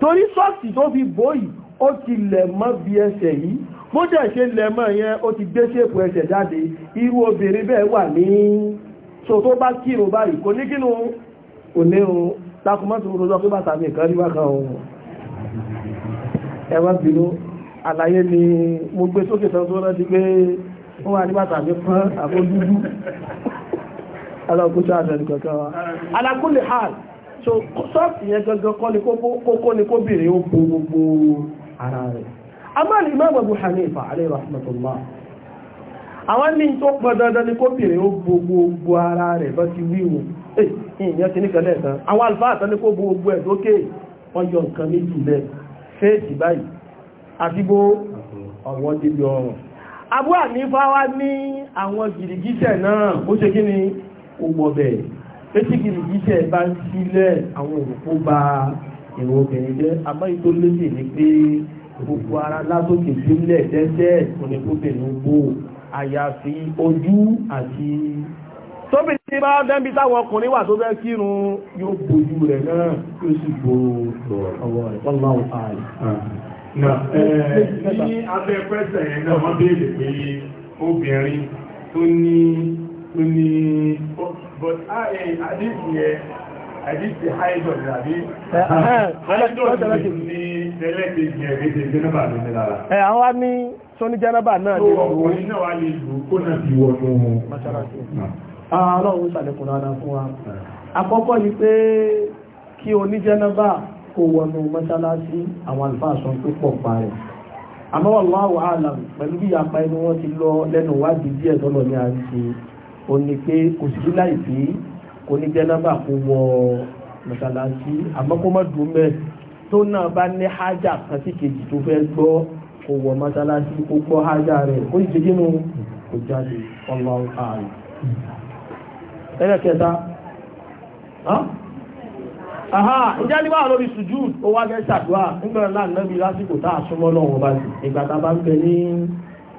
torí ṣọ́ọ̀tì tó fi bóyìí ó ti lẹ̀ mọ́ bí ẹsẹ̀ yìí bó dẹ̀ ṣe lẹ̀ mọ́ yẹn ó ti gbé ṣépù ẹsẹ̀ jáde irú obìnrin bẹ́ẹ̀ wà ní so tó bá kírun báyìí kò ní kínú kò ní o takumọ́tò ń rojọ́ pé bàtà mi kan rí wákan o ẹ̀wọ́n bínú àlàyé ni mo gbé sókè tán tó rántí pé ó wà ní bàtà mi pọ́n àbójúdú alákòóso àtẹnukọ̀kọ́ wa alákòólè hàn so sọ́ọ̀tì yẹn gangan kọ́ ni kókó ni kó bèrè ó bo gbogbo ara rẹ̀ amáàlì Imam Abu Hanifa alayhi rahmatullah àwọn ní tó pọ̀ dandan ni kó bèrè ó bo gbogbo ara rẹ̀ bá ti wí wọn eh, ìyẹn ti ní kẹlẹ́ ẹ̀kan àwọn àlùfáà tán ni kó bo gbogbo ẹ̀ lókè wọ́n yọ nǹkan méjì lẹ̀ fẹ́ẹ̀sì báyìí àti bó ọ̀wọ́ débi ọrùn Abu Hanifa wá ní àwọn gìrìgísẹ̀ náà ó ṣe kí ni ó gbọ̀bẹ̀ pẹ́sí gìrìgísẹ̀ bá ń sílẹ̀ àwọn òkú bá èrò obìnrin jẹ́ àmọ́ ìtò lóṣè ní pé gbogbo ara látòkè sílẹ̀ dẹ́sẹ̀ oníkóbìnrin gbò àyàfi ojú àti tóbìnrin tí bá dẹ́bí táwọn ọkùnrin wà tó fẹ́ kírun yóò bójú rẹ̀ náà yóò sì gbòòrò ọwọ́ rẹ̀ ní abẹ́ pẹ́sẹ̀ yẹn náà wọ́n béèrè pé obìnrin tó ní tó ní but àdìsí yẹ àdìsí haidọ̀ tàbí haidọ̀ ní tẹ́lẹ̀kejì ẹ̀gẹ́gẹ́ jẹ́nàbà ló ní lára ẹ̀ àwọn wá ní tó ní jẹ́nàbà náà ní ọkùnrin náà wá lè lù kó náà fi wọnú ah, ọlọ́run sàlẹ̀kùnrin fún wa àkọ́kọ́ ni pé kí oníjẹ́nàbà kó wọnú mọ́sálásí àwọn àlùfáà sọ tó pọ̀ pa rẹ̀ alam pẹ̀lú bí apá inú wọn ti lọ lẹ́nu wádìí díẹ̀ tọ́lọ̀ ní àríṣe ó ní pé kò sí láì sí kò ní jẹ́nàbà kó wọ mọ́sálásí àmọ́ kó má dùn mẹ́ tó náà bá ní hájà kan sí kejì tó fẹ́ gbọ́ kó wọ mọ́sálásí kó gbọ́ hájà rẹ̀ kó sì jẹ́jẹ́ nù kó jáde wallahu alam. ẹlẹ́kẹta. Aha, ìjẹ́ ní wà lórí sùjúd, ó wá gẹ́ ṣàdúrà nígbàrá láà náà bí lásìkò táà súnmọ́ lọ́wọ́ bá jù, ìgbà tá bá ń bẹ ní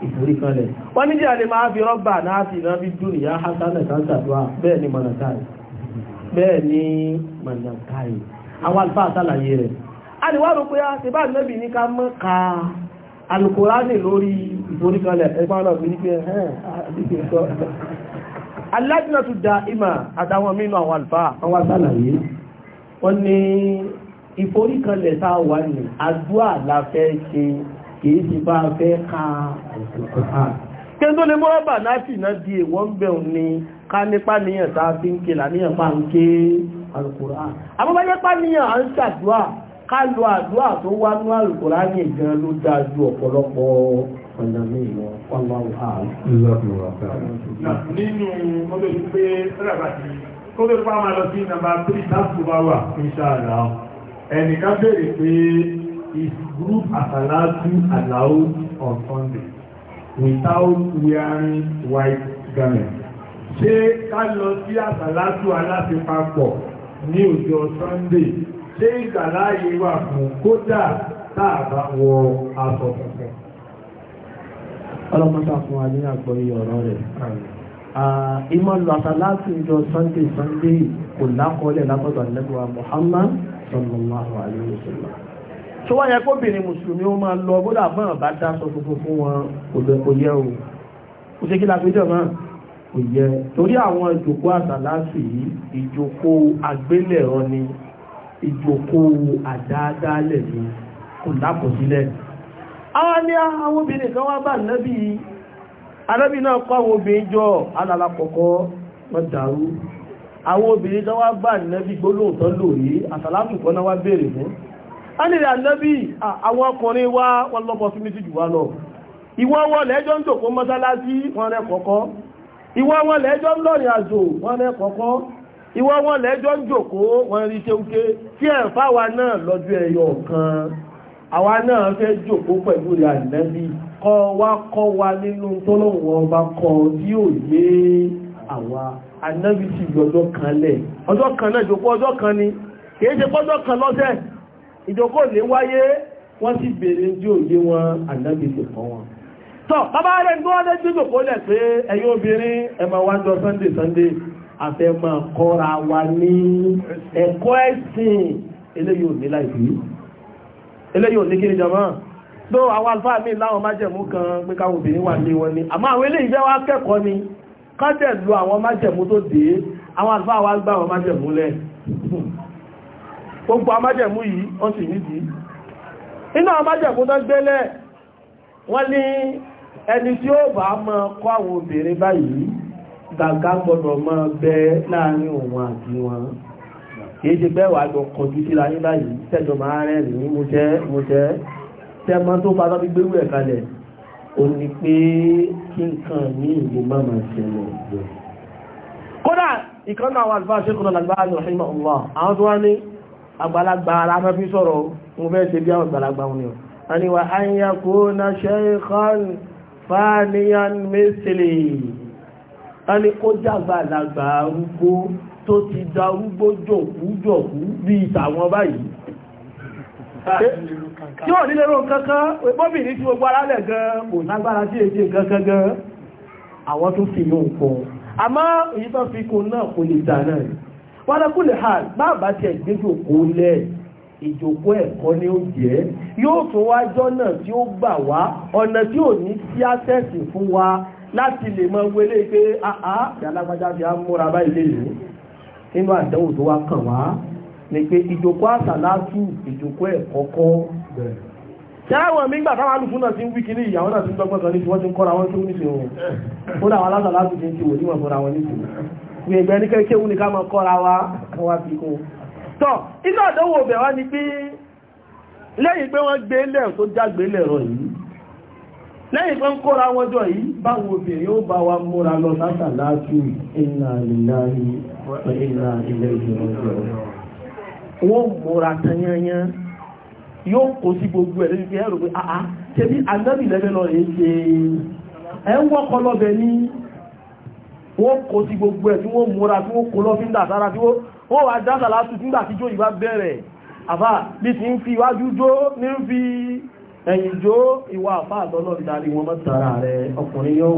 ìforí kanlẹ̀. Wọ́n ní jẹ́ àlè máa fi rọ́bà náà fi rán bí dùn ìyá Hassanẹ̀ kan ṣàdúrà ni Mọ̀nàkáì. Bẹ́ẹ̀ ni Mọ̀nàkáì. Àwọn àlùfáà sàlàyé rẹ̀. A lè wá rò pé ṣe bá nẹ́bì ní ká mọ́ ka Alukùránì wọ́n ní ìforíkanlẹ̀ tá a wà ní àdúrà la fẹ́ ṣe kìí ti bá a fẹ́ ka òkùnkùn hàn kí n tó lè mọ́ bà láti iná di èwọ́ ń bẹ̀ ní ká nípa níyàn tá a fi ń ké làníyàn máa ń ké Al-Qur'an àbúbájẹ́ pàníyàn à ń ṣàdúrà ká lo àdúrà tó wá ní Al-Qur'an ní ìgan ló dáa ju ọ̀pọ̀lọpọ̀ ọ̀nà mi lọ wọ́n máa wà nínú ọdún pé kó lè pa máa lọ sí nàmbà 3 láti bá wà ìṣàlá ẹnìkan bèèrè pé is group àtàlátú allowed on Sunday without wearing white garment ṣé ká lọ sí àtàlátú aláṣepapọ̀ ní ọjọ́ Sunday ṣé ìgbàláyé wà fún kódà tààbà wọ aṣọ tuntun ọlọ́mọ́ta fún wa ní àgbọ́yé ọ̀rọ̀ rẹ̀ ìmọ̀lù àtàlátì ìjọ sunday sunday kò lákọọ́lẹ̀ látọ̀dọ̀ àlẹ́gbẹ̀wá Muhammad sallallahu alayhi wa sallam tó wá yẹ kóbìnrin mùsùlùmí ó máa lọ bódà bọ́n bá dá sọ funfun fún wọn kò yẹ o kò ṣe kí la fi jọ náà kò yẹ torí àwọn ìjòkó àtàlátì yìí ìjòkó àgbélẹ̀rọ ni ìjòkó àdáadáalẹ̀ ni kò lákọ̀ọ́sílẹ̀ àwọn anábì náà kọ́ àwọn obìnrin jọ alàlàkọ̀kọ́ wọ́n dàrú àwọn obìnrin tó wá bá nẹ́bí gbólóòtọ́ lórí àtàlámùkọ́ náà wá béèrè fún ánìrì ànẹ́bí àwọn ọkùnrin wá wọ́n lọ́pọ̀ sí méjì jù wá lọ ìwọ́n wọn lẹ́jọ́ ń tòkó mọ́sálásí wọn rẹ̀ kọ́kọ́ ìwọ́n wọn lẹ́jọ́ ń lọ́rin àjò wọn rẹ̀ kọ́kọ́ ìwọ́n wọn lẹ́jọ́ ń jòkó wọn rí ṣeúké tí ẹ̀fáwa náà lọ́jọ́ ẹ̀yọ̀ kan àwa náà fẹ́ jòkó pẹ̀lú ìlànàbí kọ́ wá kọ́ wa nínú tọ́lọ́wọ́ ọba kọ́ tí ò yé àwa anábì sì lọ́jọ́ kan lẹ̀ ọjọ́ kan náà jòkó ọjọ́ kan ni kìí ṣe pọ́jọ́ kan lọ́sẹ̀ ìjòkó lè wáyé wọ́n sì bèèrè tí ò yé wọn anábì sì kọ́ wọn tọ́ bàbá rẹ̀ ń gbọ́wọ́ lẹ́jọ́ jòkó lẹ̀ pé ẹ̀yin obìnrin ẹ̀ máa wá jọ sunday sunday àfẹ́ máa kọ́ra wa ní ẹ̀kọ́ ẹ̀sìn eléyìí ò ní láìpẹ́ eléyìí ò ní kí ni jọmọ́ tó àwọn alfáà míì láwọn májẹ̀mú kan pé káwọn obìnrin wà ní wọn ni àmọ́ àwọn eléyìí jẹ́ wá kẹ́kọ̀ọ́ ni kájẹ̀ lu àwọn májẹ̀mú tó dé àwọn alfáà wá gbá àwọn májẹ̀mú lẹ̀ gbogbo amájẹ̀mú yìí wọ́n sì nídìí inú amájẹ̀mú tó gbélẹ̀ wọ́n ní ẹni tí ó bá mọ kọ́ àwọn obìnrin báyìí gàgá gbọ́dọ̀ mọ bẹ láàrin òun àti wọn kìí ṣe pé wàá jọ kọjú síra yín báyìí tẹ́jọ máa rẹ́rìn-ín mo jẹ́ mo jẹ́ tẹ́mọ́ tó bá tọ́ fi gbérú ẹ̀ kalẹ̀ ó ní pé kí nǹkan ní ìlú má máa ṣẹlẹ̀ kódà ìkan náà wà lùfáà ṣékùnà làgbára ní ọ̀hìn ọ̀wọ́ àwọn tó wá ní àgbàlagbà ara fi sọ̀rọ̀ mo fẹ́ ṣe bí àwọn àgbàlagbà wọn ni ọ̀ ani wa an ya kuna ṣeikhan faniyan misili ani kó tó ti darúgbó jòkú jòkú bí ìtàwọn báyìí tí ò nílé rò kankan bóbìnrin tí gbogbo arálẹ̀ gan kò lágbára sí èdè kankan gan àwọn tó fi yóò kọ àmọ́ èyí tó fi kún náà kò lè dáná wọ́n lẹ́kùnlẹ̀ hàn bá bá ti ẹ̀gbẹ́jòkó lẹ́ẹ̀ ìjòkó ẹ̀kọ́ ni ó jẹ́ yóò tún wá jọ́nà tí ó gbà wá ọ̀nà tí ò ní sí àṣẹ́sì fún wa láti lè mọ wọlé pé àá ìyálágbájá fi á múra báyìí lè lò nínú àdánwò tó wá kàn wá ni pé ìjòkó àsàlátù ìjòkó ẹ̀ kọ́kọ́ ṣáwọn mígbà táwọn alùfún náà ti ń wíkí ní ìyàwó náà ti ń gbọ́gbọ́n sọ ní tí wọ́n ti ń kọ́ra wọn tó níṣe wọn ó dàwọn alásàlátù ti ń ti wò níwọ̀n fúnra wọn níṣe ní ẹgbẹ́ ní kéèké wú ní ká mọ́ kọ́ra wa wá fi kún tọ́ iná àdánwò bẹ̀ wá ni pé lẹ́yìn pé wọ́n gbé lẹ̀ tó jágbé lẹ̀rọ yìí lẹ́yìn pé ń kóra wọn jọ yìí báwo obìnrin ó bá wa múra lọ sásàlátù ìnà ìlà ilẹ̀ ìjọba ìjọba wọ́n múra tanyanya yóò kó sí gbogbo ẹ̀ lórí ẹ̀rọ pé àá ah, tẹ́bí ah, anábì lẹ́bẹ̀ lọ rẹ̀ ṣe ẹ̀ ń wọ́kọ́ lọ́bẹ̀ ní wọ́n kó sí gbogbo ẹ̀ tí wọ́n múra tí wọ́n kó lọ́fíńdà sára tí wọ́n wà dáadáa látú nígbà tí jó ìwá bẹ̀rẹ̀ àbá bí ti ń fi iwájú jó ní ń fi ẹ̀yìn jó ìwà àfáà tọ́lọ́ ìdarí wọn mọ́ tara rẹ̀ ọkùnrin yóò.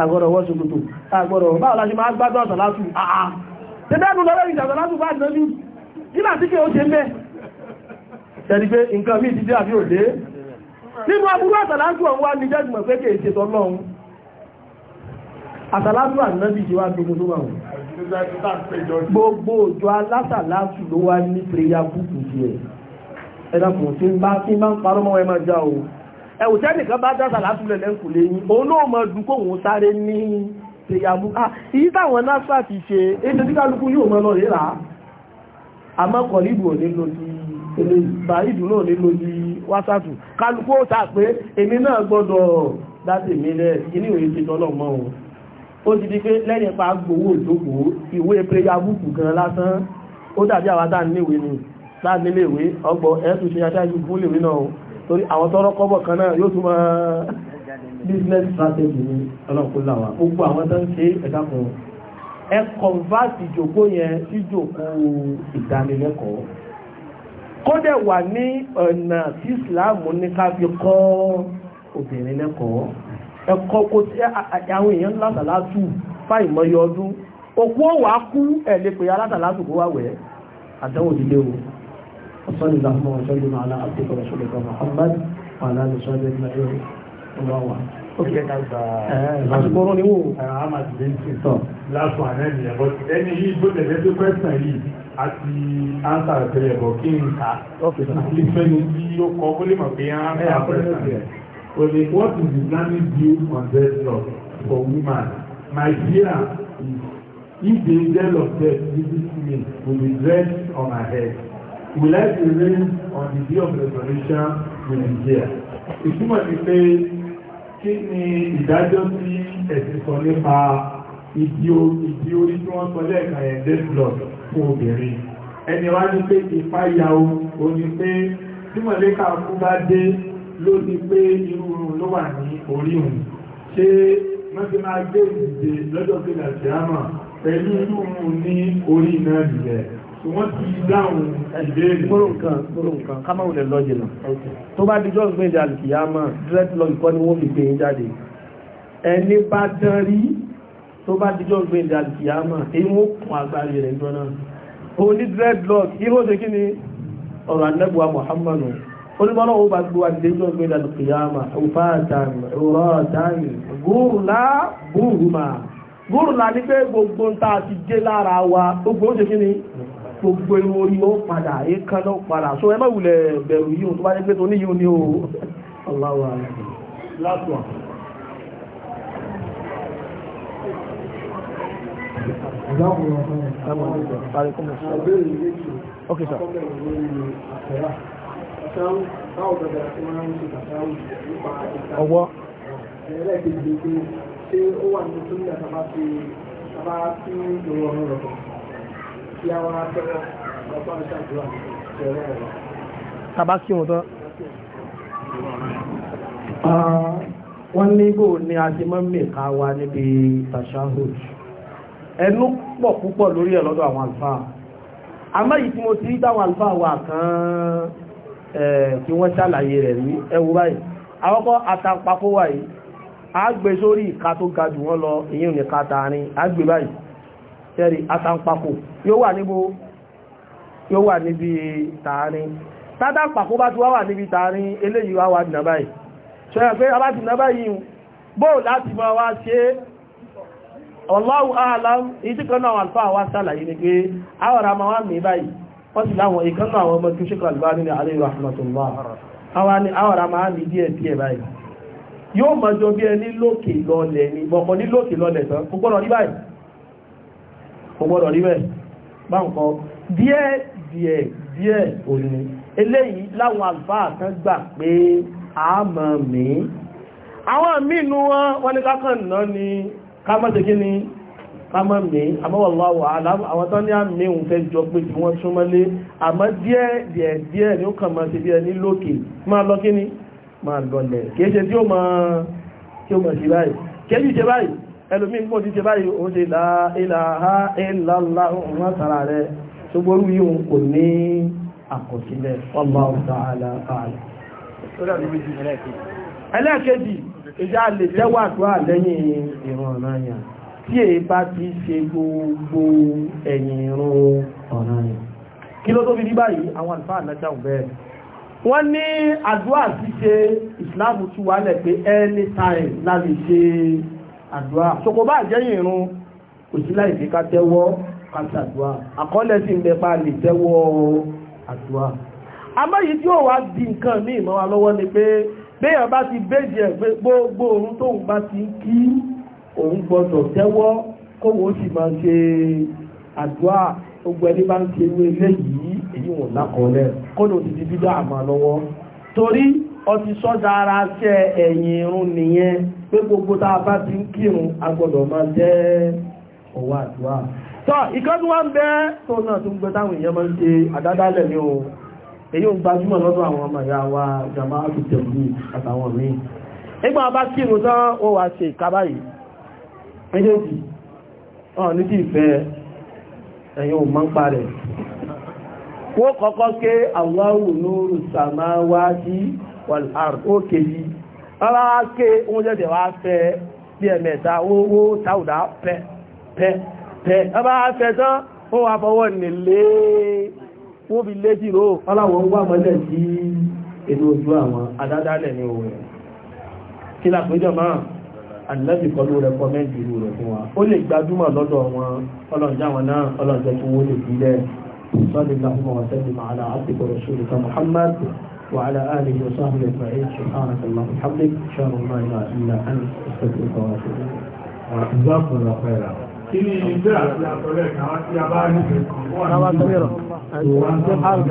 àgbọ̀rọ̀ wọ́ ṣòkòtò àgbọ̀rọ̀ báwọn láti máa gbádùn ọ̀sán látù àà tẹ́bẹ́nu lọ́rẹ́ ìjàgbọ̀ látù bá dánjú nígbà tí kí o ṣe mẹ́ tẹ́rí pé nǹkan mí ìdíjẹ́ àbí òdé nínú aburú àtàlátù ọ̀hún wá ní jẹ́jùmọ̀ pé kèé ṣe tọ́lọ́run àtàlátù ànábì ṣe wá gbogbo tó wà wọn gbogbo òjò alásàlátù ló wá ní pẹ̀lú ẹ̀wù tẹ́nìkan bá dá sàlátù lẹ̀lẹ́ kò lè yìn òun náà mọ̀ dùn kóhun sáré ní ìyàmú ìyí ah, táwọn nasa ti ṣe ètò tí kálukú yóò mọ́ lọ rí rà àmọ́ kọ̀líbù ò nílò ti bàídù náà nílò ti wásàtù kálukú ó ta ni táà níléèwé ọgbọ ẹ̀sùn ṣe aṣáájú torí àwọn tọ́rọ kọ́bọ̀ kan náà yóò tún máa business strategy ní ọlọ́pùlà wa gbogbo àwọn tó ń ṣe ẹ̀dá kan ẹ convert ìjòkó yẹn sí ìjòkó ìdánilẹ́kọ̀ọ́ kódẹ̀ wà ní ọ̀nà tí Islam ní ká fi kọ́ obìnrin lẹ́kọ̀ọ́ ẹ̀kọ́ kó tí àwọn èèyàn látàlátù fáìmọye ọdún òkú ọ̀wà kú ẹ̀ alátàlátù kó wà wẹ̀ àtẹ́wò ìdílé o وصل اللهم وسلم على عبدك ورسولك محمد وعلى اله وصحبه اجمعين الله اعلم Àṣùgbọ́n ni wò. Ahmad bin Sọ. Last one ẹni yẹn bọ́ ẹni yìí bó tẹ̀lé tó question yìí àti answer tẹ̀lé bọ̀ kí n kà. Àti fẹ́ni tí ó kọ́ kó lè mọ̀ pé á ń bá question yẹn. Òde what is Islamic view on death law for women? My fear is if they tell of death visit me, will be dressed on my head. We like to raised on the day of resurrection will be there ìtumọ̀ ni pé kí ni ìdájọ́ tí ẹ̀sìn sọ nípa ìdí orí tí wọ́n sọ lẹ́ẹ̀kan yẹn death blood fún obìnrin ẹni wá ní pé ìfáyà o ní pé tí mọ̀lẹ́ka kú bá dé ló ní pé irú ló wà ní orí òun ṣé wọ́n ti máa gbé ìdìde lọ́jọ́ pé nàìjíríà pẹ̀lú irú òun ní orí náà nìyẹn wọ́n ti dáhùn ìbéèrè. gbóró nǹkan gbóró nǹkan ká máa wulẹ̀ lọ́jì nà. tó bá dijọ́ ìgbéjà àlùkìyàmọ̀ dreadlock kọ́ ni wọ́n fi gbé yín jáde. ẹni bá dán rí tó bá dijọ́ ìgbéjà àlùkìyàmọ̀ èyí wọ́n kún agbárí rẹ̀ jọ náà. o ní dreadlock irú òde kí ni ọ̀rọ̀ anẹ́bùwa Muhammadu olùmọ̀nà ó bá gbé wa dé jọ ìgbéjà àlùkìyàmọ̀ òfàtàn òrọ̀tàn gúrùlá gúrùmà gúrùlá ní pé gbogbo ń ta àti dé lára wa gbogbo ó ṣe gbogbo ewu orí ó padà èékán padà so ẹ má bẹ̀rù yìí tó bá jẹ́ pé tó ní yìí ní o Allahu a'lam last one Okay, sir. Ọwọ́. Ẹlẹ́gbẹ̀ẹ́ ṣe ó wà ní tó ń dàtàbá sí ìrọ̀rùn rọ̀pọ̀. Tabaki wọn tán. Wọ́n ní bò ní Adémọ́mìká wa níbi Tashahud. Ẹnu pọ̀ púpọ̀ lórí ẹ̀ lọ́dọ̀ àwọn àlùfáà. Àmọ́ yìí tí mo ti rí táwọn àlùfáà wà kan tí wọ́n ṣàlàyé rẹ̀ rí ẹwú báyìí. Àwọn kọ́ atapakó wà yìí. A gbé sórí ìka tó ga jù wọ́n lọ, èyí ò ní ká taarin, a báyìí tẹ́rì àtàǹpàkò yóò wà níbo yóò wà níbi tààrin tátàǹpàkò bá ti wá wà níbi tààrin eléyìí wá wà dìnà báyìí ṣọ́yẹ̀ pé a bá dìnà báyìí bó láti máa wá ṣe Allahu a'lam ìtí kan náà alfa wá sálàyé ni pé àwọ̀rà máa wá mìí báyìí wọ́n sì láwọn ìkan náà àwọn ọmọ tó ṣe kàlùbá nínú alayhi rahmatullah àwọ̀rà máa mìí díẹ̀ díẹ̀ báyìí yóò mọ̀jọ bí ẹni lókè lọlẹ̀ ni bọ̀kọ̀ ní lókè lọlẹ̀ tán gbọ́nà rí báyìí kò gbọ́dọ̀ rí bẹ́ẹ̀ bá ń kọ́ díẹ̀ díẹ̀ díẹ̀ òní eléyìí láwọn àlùfáà kan gbà pé àmọ́ mi àwọn mínú wọn wọ́n ní kákan náà ni kámọ́sí kí ni kámọ́ mi àmọ́wọ̀láwọ̀ àwọn tán ní àmì òun fẹ́ jọ pé kí wọ́n súnmọ́lé àmọ́ díẹ̀ díẹ̀ díẹ̀ ni ó kàn máa ṣe bí ẹni lókè máa lọ kí ni máa lọlẹ̀ kìí tí ó máa ṣe báyìí ẹlòmí gbọ́n ti ṣe báyìí o ṣe la ilaha illallah ọmọ sára rẹ̀ ṣogbórú yíò kò ní àkọsílẹ̀ wallahu ta'ala ààrẹ ẹlẹ́ẹ̀kejì ìjà lè tẹ́wà tó à lẹ́yìn ìran ọ̀ràn yàn tí èyí bá ti ṣe gbogbo ẹ̀yìn ìran ọ̀ràn yàn kí ló tó fi rí báyìí àwọn àlùfáà mẹ́ta ò bẹ́ẹ̀ wọ́n ní àdúrà ṣíṣe ìsìláàmù tú wálẹ̀ pé anytime la lè ṣe àdúrà ṣokòbá àjẹ́yìn irun kò sí láì fi ká tẹ́wọ́ ká ṣàdúrà àkọọ́lẹ̀ sì ń bẹ pa lè tẹ́wọ́ àdúrà amáyí tí ó wá di nǹkan ní ìmọ̀ wa lọ́wọ́ ni pé béèyàn bá ti béèjì ẹ̀ pé gbogbo òun tóun bá ti kí òun gbọdọ̀ tẹ́wọ́ kóun ó sì máa ṣe àdúrà gbogbo ẹni bá ń ṣe ewé eléyìí èyí wọn lákọọ́lẹ̀ kó ló ti di bídá àmà lọ́wọ́ torí ọtí sọ́jà ara ṣẹ́ ẹ̀yìn irun nìyẹn pé gbogbo tá a bá ti ń kírun a gbọ́dọ̀ máa jẹ́ ọwọ́ àdúrà tọ́ ìkọ́tún wá ń bẹ́ tó náà tó ń gbẹ táwọn èèyàn máa ń ṣe àdádálẹ̀ ní o èyí ń gbajúmọ̀ lọ́dọ̀ àwọn ọmọ ìyá wa jàmá àtúntẹ̀lú àtàwọn míì nígbà bá kírun tán ó wá ṣe ìkábá yìí méjèèjì ọ̀ ní kí ìfẹ́ ẹ̀yìn ò samawati wàlhàrù ó ké yí rárá ké oún jẹ́jẹ̀ wá fẹ́ bí ẹ̀mẹ̀ta owó táwùdá pẹ́ pẹ́ pẹ́ ọba fẹ́ tán ó wà fọwọ́ nílé wọ́n fi lé jìró aláwọ̀ ń wà mọ́lẹ̀ sí èdè ojú àwọn adádálẹ̀ ní òwe kí lápéjọ máa àdìlẹ́bì kọlu rẹ̀kọ́mẹ́ntì ìlú rẹ̀ fún wa ó lè gbajúmọ̀ lọ́dọ̀ wọn صلى الله وسلم على عبدك ورسولك محمد وعلى آله وصحبه أجمعين سبحانك اللهم وبحمدك إن الله لا إله إلا أنت أستغفرك وأتوب إليك. جزاكم الله خيرا.